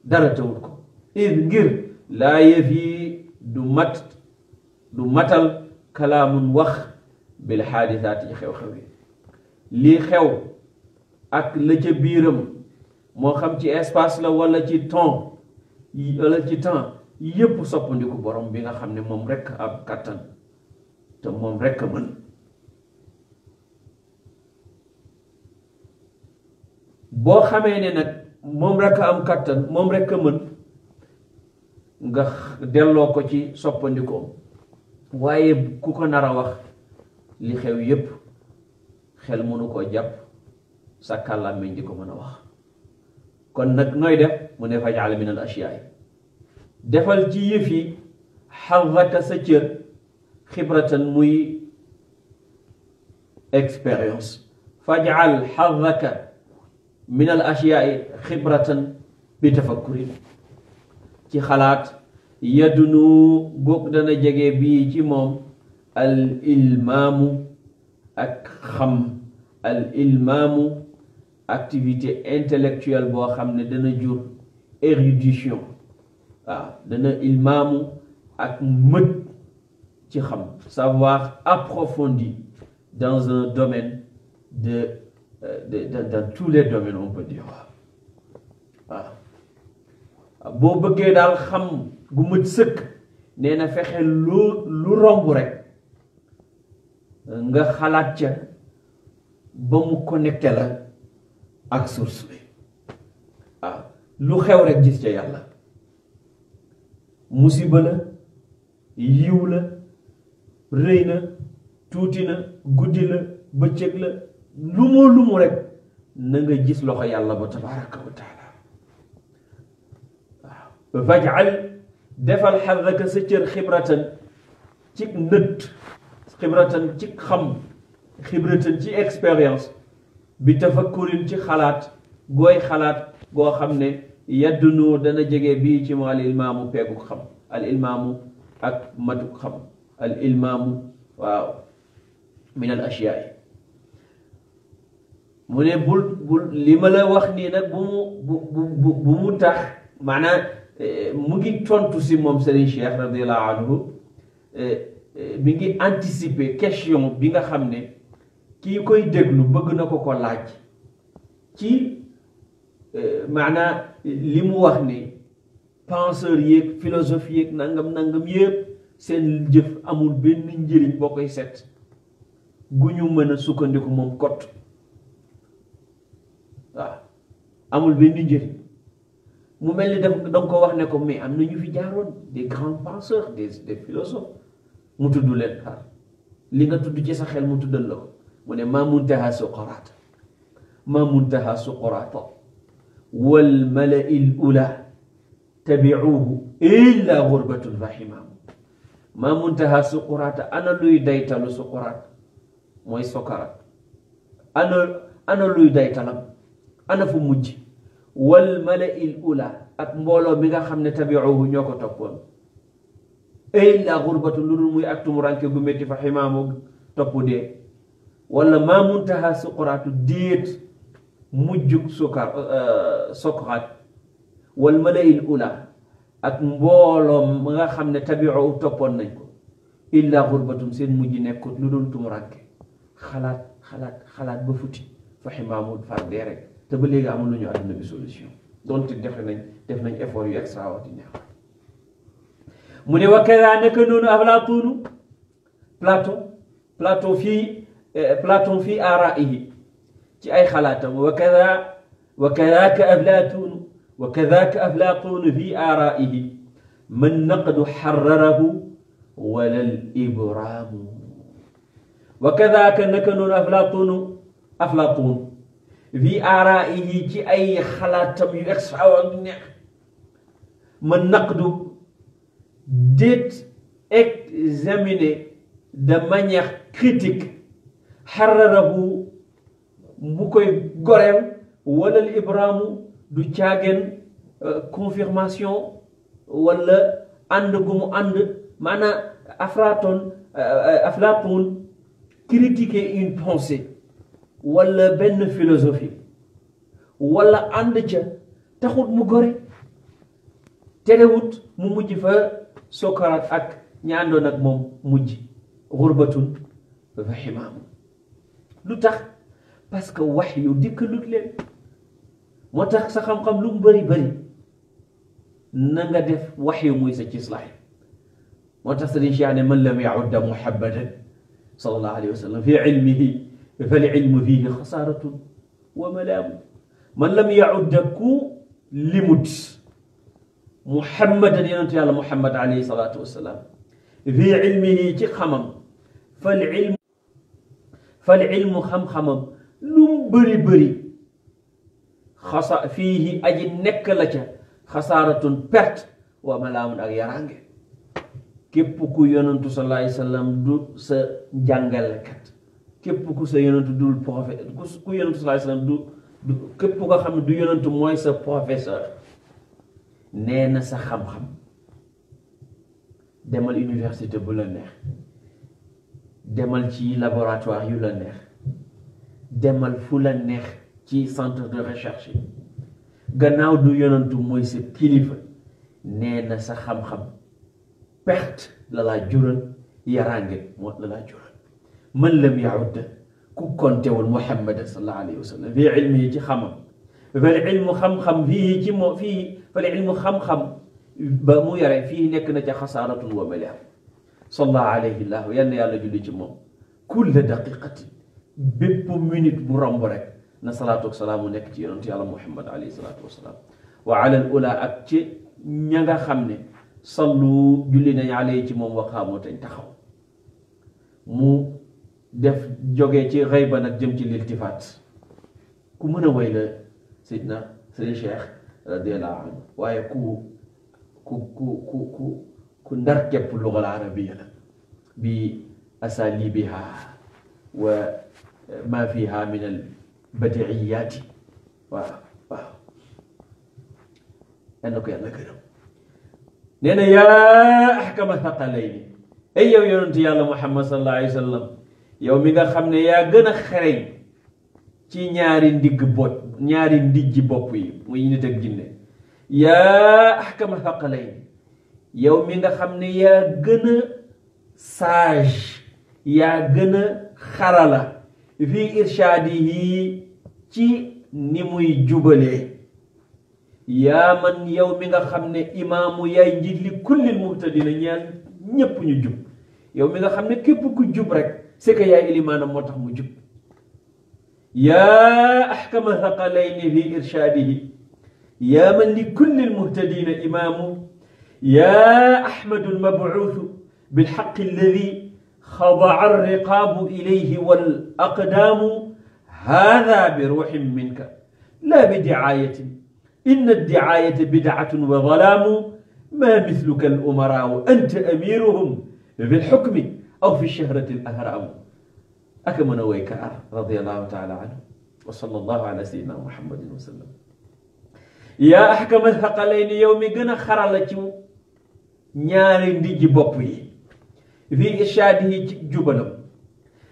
dara tawut ko id ngir laa yëf yi du mat du matal kalaamun wax bil xaadisaat yi xew-xew yi lii xew ak la ca biiram moo xam ci espace la walla ci temps wala ci temps yépp soppandiku borom bi nga xam ne moom rekk ab kàttan te moom rekk a mën boo xamee ne nag moom rek am kàttan moom rek a mën nga delloo ko ci soppandikoom waaye ku ko nar a wax li xew yépp xel mënu koo jàpp sa kàllaamiñ di ko mën a wax kon nag nooy def mu ne fajal min al defal ci yëf yi xarraka sa cër xibratan muy expérience fajal xarraka min al ashyaa'i xibratan bi tafakkurin ci xalaat yadunu goog dana jege bii ci moom al ilmaamu ak xam al ilmaamu activité intellectuelle boo xam ne dana jur érudition waaw dana ilmaamu ak mët ci xam savoir approfondi dans un domaine de Euh, dans, dans tous les domaines on peut dire waaw boo bëggee daal xam gu mët sëkk nee na fexee lu lu romb rek euh, nga xalaat ca ba mu connecté la ak source bi waaw lu xew rek gis ca yàlla musiba la yiw la rëy na tuuti na guddi la bëccëg la lumoo lumu rek na nga gis loxo yàlla ba tabaraka wa taala waaw fajal defal xarraka sa cër xibratan ci nëtt xibratan ci xam xibratan ci expérience bi tafakkurin ci xalaat gooy xalaat goo xam ne yaddunoo dana jege bii ci moo al ilmaamu peeguk xam al ilmaamu ak matuk xam al waaw min al ashiyaa mu ne bul bul li ma la wax nii nag bu mu bu bu bu mu tax maanaam eh, mu ngi tontu si moom Serigne Cheikh radiallahu anhu eh, eh, mi ngi anticiper question bi nga xam ne kii koy déglu bëgg na ko ko laaj ci maanaa li mu wax ni penseur yéeg philosophe yéeg nangam nangam yépp seen jëf amul benn njëriñ boo koy set gu ñu mën a sukkandiku moom kot amul benn njëriñ mu mel ni ko wax ne ko mais am na ñu fi jaaroon des grands penseurs des des philosophes mu tudd leen xar li nga tudd ci sa xel mu tuddal la ko mu ne maa muntaha suqaraata maa muntaha suqaraata wal malai l ula ana luy daytalu suqaraat mooy sokaraat ana ana luy daytalam ana fu mujj wal malail ula ak mbooloo bi nga xam ne tabiuhu ñoo ko toppoon ay la gurbatu lu dul muy ak tumuranke gu métti fa ximaamu topp dee wala maa muntaha suquraatu déet mujjug sukar sokrat wal malail ula ak mbooloo mi nga xam ne tabiuhu euh, toppoon nañ ko illa xurbatum seen mujj nekkut lu dul tumuranke xalaat xalaat xalaat ba futi fa ximaamu far dee rek te ba léegi amul lu ñu àdduna bi solution donte defe nañ def nañ effort yu extraordinaire mu ne wakkaraa nekk noonu aflaatuunu platon platon fii eh, platon fii aaraihi ci ay xalaatam wakkaraa wakadaaka aflaatuunu wakadaaka aflaatuunu fii aaraihi man naqdu xararahu wala al ibraamu wakadaaka nekk noonu aflaatuunu aflaatuunu wi yi ci ay xalaatam yu extraordinaire ma du déet examiner de manière critique xararahu mu koy goreel wala ibraamu du caageen euh, confirmation wala ànd gu mu ànd maanaam afraton euh, euh, critiquer une pensée wala benn philosophie wala ànd ca taxut mu gore terewut mu mujj fa Sokaraat ak ña àndoon ak moom mujj xurbatun fa ximaamu lu tax parce que wax yu dikk lut leen moo tax sa xam-xam lu mu bëri bëri na nga def wax yu muy sa cislaay moo tax sëriñ Cheikh ne man lam ya'udda muhabbadan sallallahu alayhi wa sallam fi ilmihi falilmu fiihi xasaaratun wa malaamu man lam yaudda ku limut muhammadan yonentu yàlla muhammad alayhi salaatu wasalaam fii ilmihi ci xamam fal ilmu fal ilmu xam-xamam lu mu bëri bëri xasa fiihi aji nekk la ca xasaaratun perte wa malaamun ak yaraange képp ku yonentu sallallahu alayhi wasallam du sa jàngalekat képp ku sa yonantu dul prophète ku yonantu sallallahu alayhi wasallam du képp ko xam ne du yonantu mooy sa professeur nee na sa xam-xam demal université bu la neex demal ci laboratoire yu la neex demal fu la neex ci centre de recherche yi gannaaw du yonantu mooy sa kilifa nee na sa xam-xam perte la laa jural yaraange moo la laa man lam yaud ku kontewul muhammad sallallahu alayhi wa sallam fii ilmi yi ci xamam fal ilmu xam-xam fii ci moo fii fal ilmu xam-xam ba mu yore fii nekk na ca xasaaratun wa maliha sallallahu alayhi llah yal na yàlla julli ci moom kulla daqiqatin bépp minute bu romb rek na salaatu wasalaamu nekk ci yonent yàlla muhammad alayhi salaatu wasalaam wa ala al ula ak ci ña nga xam ne sallu julli nañ alayhi ci moom waxaamoo tañ taxaw mu def jóge ci rëy ba nag jëm ci liltifaat ku mën a wéy la sidna sëriñ cheikh radiallahu anhu waaye ku ku ku ku ku ku ndar képp lugal arabia la bi asalibiha wa ma fiha min al badiiyaati waaw waaw yal na ko yàlla gërëm nee na yaa ahkama thaqalayni ay yow yonent yàlla muhammad sallallahu alayhi wa sallam yow mi nga xam ne yaa gën a xereñ ci ñaari ndigg bopp ñaari ndijji bopp yi muy nit ak jinne yaa ahkamal faqalayn yow mi nga xam ne yaa gën a sage yaa gën a xarala fii irshaadihi ci ni muy jubalee yaa man yow mi nga xam ne imaamu yaay njiit li kullil muhtadina ñaan ñépp ñu jub yow mi nga xam ne képp ku jub rek c'est que yaay ilimaanam moo tax mu jub yaa axkama thaqalayni fi irshaadihi yaa man li kulli almuhtadiina imaamu yaa ahmadu almabuuthu bilxaqi alladi xadaa alriqaabu ilayhi wal aqdaamu haadaa bi ruuxin minka laa bi dicaayatin inna addicaayata bidcatun wa dalaamu maa misluka alumaraa anta amiiruhum fi lxukmi aw fi shahratin ak haramu aka mën a woy kaar radiallahu taala anhu wa sallallahu ala sayyidina muhammadin wa sallam yaa ahkamal xaqalayni yow mi gën a xarala ci ñaari ndijji bopp yi fii ishaadihi ci jubalam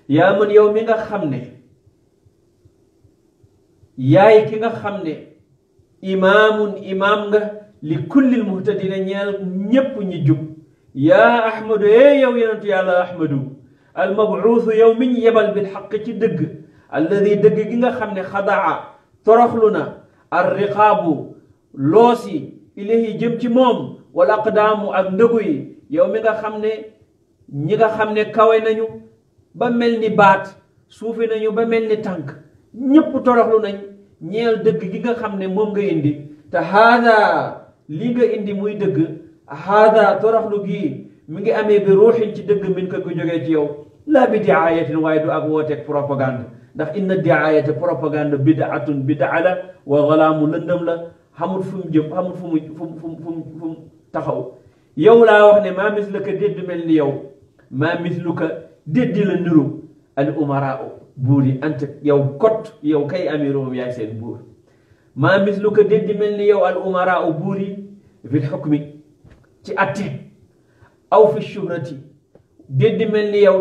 yaa man yow mi nga xam ne yaay ki nga xam ne imaamun imaam nga li kullil muhtadina ñeel ñépp ñi jub yaa ahmadu ee eh, yow yonentu yàlla ahmadu almabuusu yow miñ yebal bil xaq ci dëgg alladi dëgg gi nga xam ne xadaa toroxlu na ar riqaabu loosi ilahi jëm ci moom wal aqdaamu ak ndëgu yi yow mi nga xam ne ñi nga xam ne kawe nañu ba mel ni baat suufi nañu ba mel ni tànk ñépp toroxlu nañ ñeel dëgg gi nga xam ne moom nga indi te haada li nga indi muy dëgg haada toroxlu gii mi ngi amee bi ruuxin ci dëgg min ko ku jógee ci yow laa bi diaayatin waaye du ak wooteeg propagande ndax inna diaayata propagande bidaatun bidaa la wa galaamu lëndëm la xamul fu mu jëm xamul fu mu fu mu fu mu fu mu taxaw yow laa wax ne maa misluka dédd mel ni yow maa misluka déddi la niru al umaraa buur yi ant yow kot yow kay amiruhum yaay seen buur maa misluka déddi mel ni yow al umaraa buur yi fil xukmi ci attit aw fi shuhrati déddi mel ni yow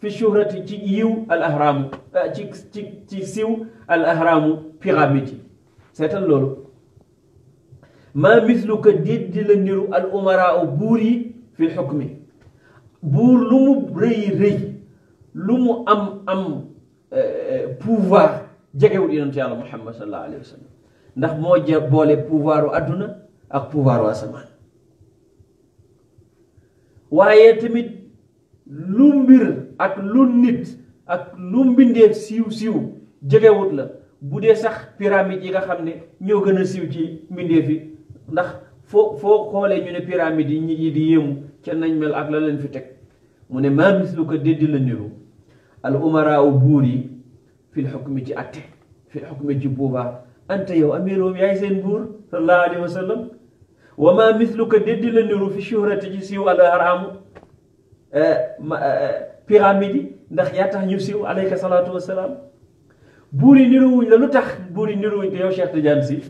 fi shuhrati ci yiw al ahraamu euh, ci ci ci siw al ahraamu pyramide yi seetal loolu maa misluka déddi la niru al umaraa buur yi fi xukmi buur lu mu rëy rëy lu mu am am euh, pouvoir jegewul yonent yàlla muhammad sallallahu alayhi wa ndax moo ja boole pouvoiru adduna ak pouvoiru asamaan waaye tamit lu mbir ak lu nit ak lu mbindeef siiw siiw jegewut la bu dee sax pyramide yi nga xam ne ñoo gën a siiw ci mbindeef yi ndax foo foo xoolee ñu ne pyramide yi ñi di yéemu ca nañ mel ak la leen fi teg mu ne maa misluka déddi la niru al umaraaw buur yi fil xukmi ci atte fil xukmi ci boobaa anta yow amiroom yaay seen buur sallallahu alayhi wa sallam wa ma misluka déddi la niru fi shuhrati ci siiw al araamu eh, eh, eh, pyramide yi ndax yaa tax ñu siiw alayka salaatu wasalaam buur yi niruwuñ la lu tax buur yi niruwuñ te yow Cheikh Tidiane si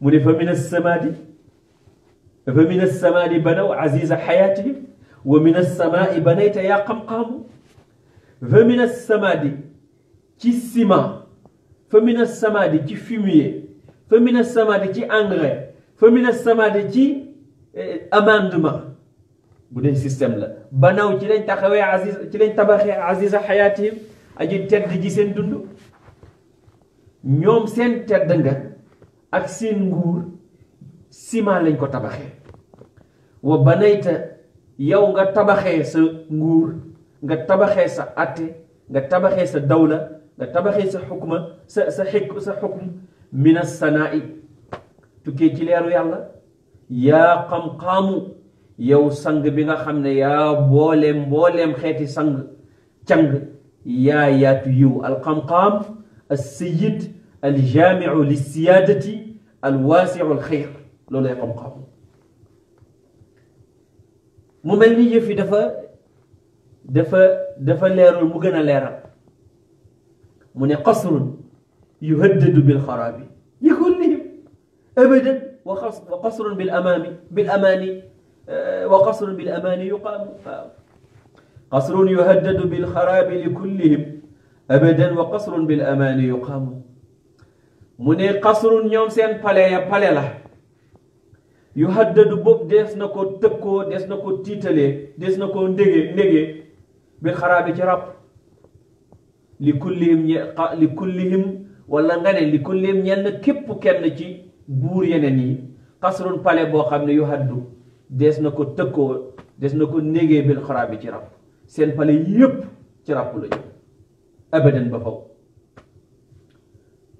mu ne fa min asamaadi fa min asamaadi banaw aziza xayaatihim wa min asamaai banayta yaa xam-xamu fa min asamaadi ci ciment fa min asamaadi ci fumier fa min asamaadi ci engrais fa mina samaade ci eh, amendement bu dee système la banaw ci lañ taxawee aziz ci lañ tabaxee aziza xayaatihim aji tedd ji seen dund ñoom seen tedd nga ak seen nguur ciment lañ ko tabaxee wa banayta yow nga tabaxee sa nguur nga tabaxee sa atte nga tabaxee sa dawla nga tabaxee sa xukma sa sa xik sa xukm tukkee ci leeru yàlla yaa xam-xamu yow sang bi nga xam ne yaa booleem mbooleem xeeti sang cang yaa yaatu yiw alxamxaam alsayid aljaamiu lilsiyaadati alwaasiu alxayr loolu ay xam-xam mu mel ni yëf yi dafa dafa dafa leerul mu gën a leeral mu ne qasrun yuhaddadu bilxaraabi li kullihim abadan wa qasrun bil amaami bil amaani eh, wa qasrun abadan wa qasrun bil amaani mu ne qasrun ñoom seen pale ya pale la yuhaddadu des na ko tëkkoo des na ko tiitalee des na ko ndégee ndégee nga ne li kullihim ñenn képp ci buur yeneen yi xasrun pale boo xam ne yu haddu des na ko tëkkoo des na ko négee bil xaraab yi ci ràpp seen pale yépp ci ràpp la jëm abadan ba faw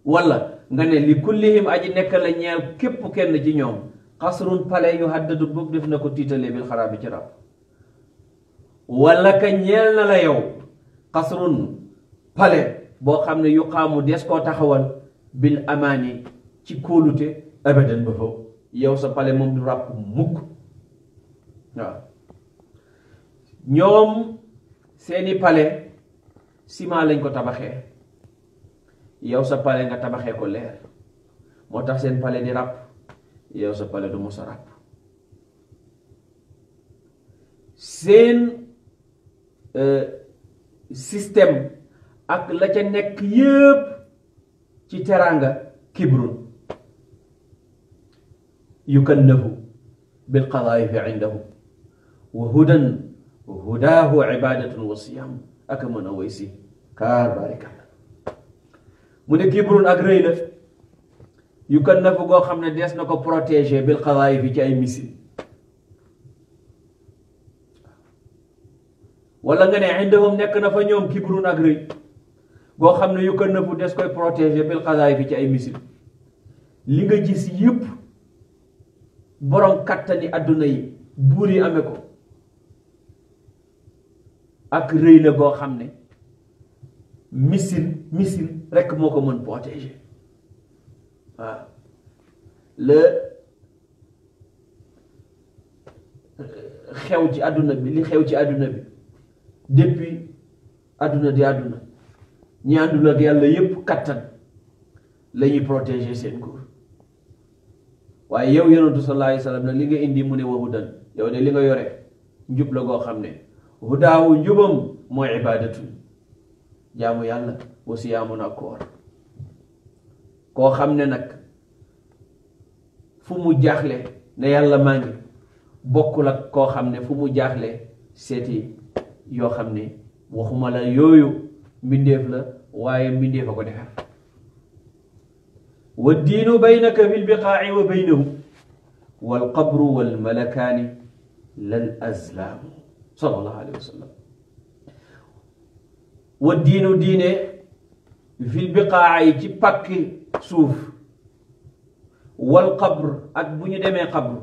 wala nga ne li kullihim aji nekk la ñeel képp kenn ci ñoom xasrun pale yu haddadu boobu def na ko tiitalee bil xaraab yi ci ràpp wala ka ñeel na la yow xasrun pale boo xam ne yu xaamu des koo taxawal bil amaani ci kóolute abadan ba faw yow sa pale moom du ràpp mukk waaw ñoom seeni pale ciment lañ ko tabaxee yow sa pale nga tabaxee ko leer moo tax seen pale di ràpp yow sa pale du mos ràpp seen euh, système ak la ca nekk yépp ci teraanga kibrun yukannahu bilqadaa'ifi indahu wa hudan hudaahu ibadatun wa siyam aka mën a way mu ne kibrun ak rëy la yukannafu goo xam ne dees na ko protégé bil qadaa'ifi ci ay misil wala nga ne indahum nekk na fa ñoom kibrun ak rëy goo xam ne yukannafu des koy protégé bil qadaa'ifi ci ay misil li nga gis yëpp borom kattani àdduna yi buur yi amee ko ak rëy la boo xam ne missile missile rekk moo ko mën protéger waaw le xew ci àdduna bi li xew ci àdduna bi depuis àdduna di àdduna ñi àndul ak yàlla yépp kattan la ñuy protéger seen nguur waaye yow yonantu sallallahu alayhi wasallam nag li nga indi mu ne wa hudan yow de li nga yore njub la goo xam ne hudaawu njubam mooy ibaadatu jaamu yàlla wa siyaamun ak koor koo xam ne nag fu mu jaaxle ne yàlla maa ngi bokkul ak koo xam ne fu mu jaaxle seeti yoo xam ne waxuma la yooyu mbindeef la waaye mbindeef a ko defar wa diinu baynaka bil biqaa'i wa baynahu wal qabru wal malakaani lal azlaamu sallallahu alayhi wa sallam wa diinu diine fil biqaa'i ci pakki suuf wal qabru ak bu ñu demee qabru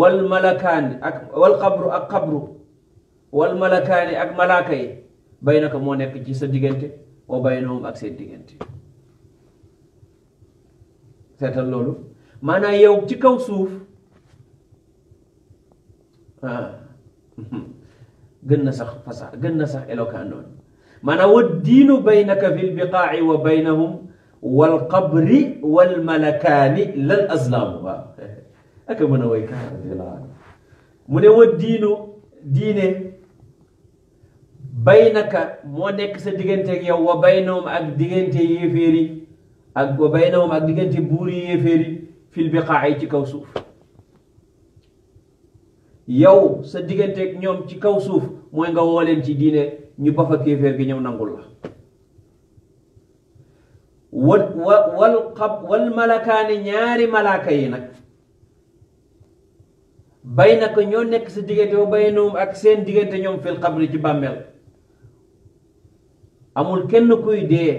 wal malakaani ak wal qabru ak qabru wal malakaani ak malaaka yi baynaka moo nekk ci sa diggante wa baynahum ak seen diggante seetal loolu maanaam yow ci kaw suuf ah gën na sax fasax gën na sax éloquent noonu maanaam wa diinu baynaka fi lbiqaaci wa baynahum wal qabri wal malakaani lal azlaamu waaw ak mën a woy kaar mu ne wa diinu diine baynaka moo nekk sa digganteeg yow wa baynahum ak diggante yéeféeri ak wa baynahum ak diggante buur yi yéeféeri fil biqaa yi ci kaw suuf yow sa digganteeg ñoom ci kaw suuf mooy nga woo ci diine ñu ba fa gi ñëw nangul la wa wal xab wal malakaani ñaari malaaka yi nag bay na ñoo nekk sa diggante wa baynahum ak seen diggante ñoom fil xabri ci bàmmeel amul kenn kuy dee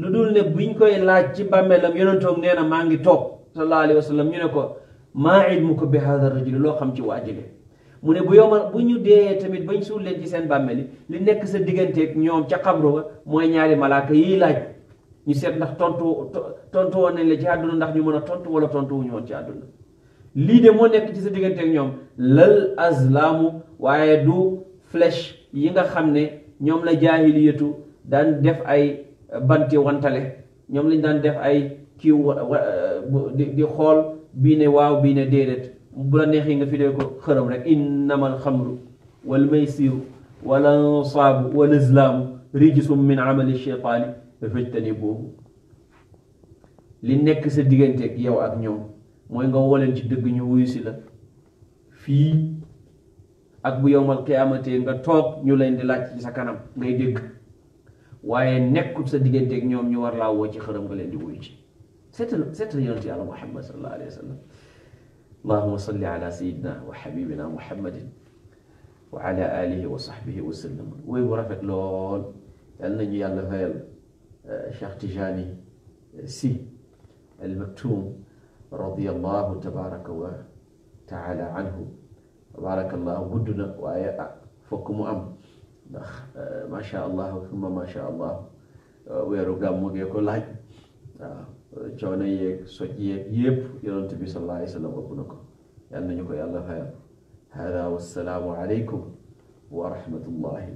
lu dul ne buñ koy laaj ci bàmmeelam yonentoom nee na maa ngi toog sallallahu alayhi wa sallam ñu ne ko maa ilmuka bi hada rajuli loo xam ci waajile mu ne bu yowmal bu ñu dee tamit bañ suul seen bàmmeel li nekk sa digganteeg ñoom ca xabru ba mooy ñaari malaaka yiy laaj ñu seet ndax tontu tontu woon nañ la ci àdduna ndax ñu mën a tontu wala tontu wuñu woon ci àdduna lii de moo nekk ci sa digganteeg ñoom lal azlaamu waaye du flèche yi nga xam ne ñoom la jaahiliyatu daan def ay banti wantale ñoom lañ daan def ay kiiw di xool bii ne waaw bii ne déedéet ba la neexee nga fi dee ko xërëm rek innamal xamru wal maysiru wal ansaabu wal islaamu rijsum min amali sheytaani fajtani boobu li nekk sa diggante ak yow ak ñoom mooy nga woleen ci dëgg ñu wuyu si la fii ak bu yowmal qiyaamatee nga toog ñu leen di laaj ci sa kanam ngay dégg waaye nekkul sa digganteeg ñoom ñu war laa woo ci xërëm nga leen di wuyu ci seetal seetal yonent yàlla muhammad sallallahu alayhi wa sallam allahuma salli ala sayidina wa xabibina muhammadin bu rafet lool yal nañu yàlla fayal eh, cheikh tijani eh, si al maktum radiallahu tabaraka wa taala anhu tabaraka allah gudd na ah, fokk mu am ndax eh, macha allah suma macha allah eh, weeru gàmmu gee ko laaj waaw coono yeeg soj yeeg yépp yonent bi sallallahu alayhi wa sallam ëpp na ko yal nañu ko yàlla fayal hada wassalaamu aleykum wa rahmatullahi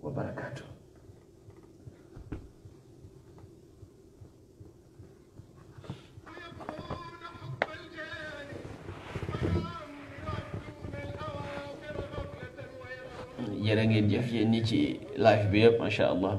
wa barakaatu jërë ngeen jëf yéen ñi ci live bi yëpp macha allah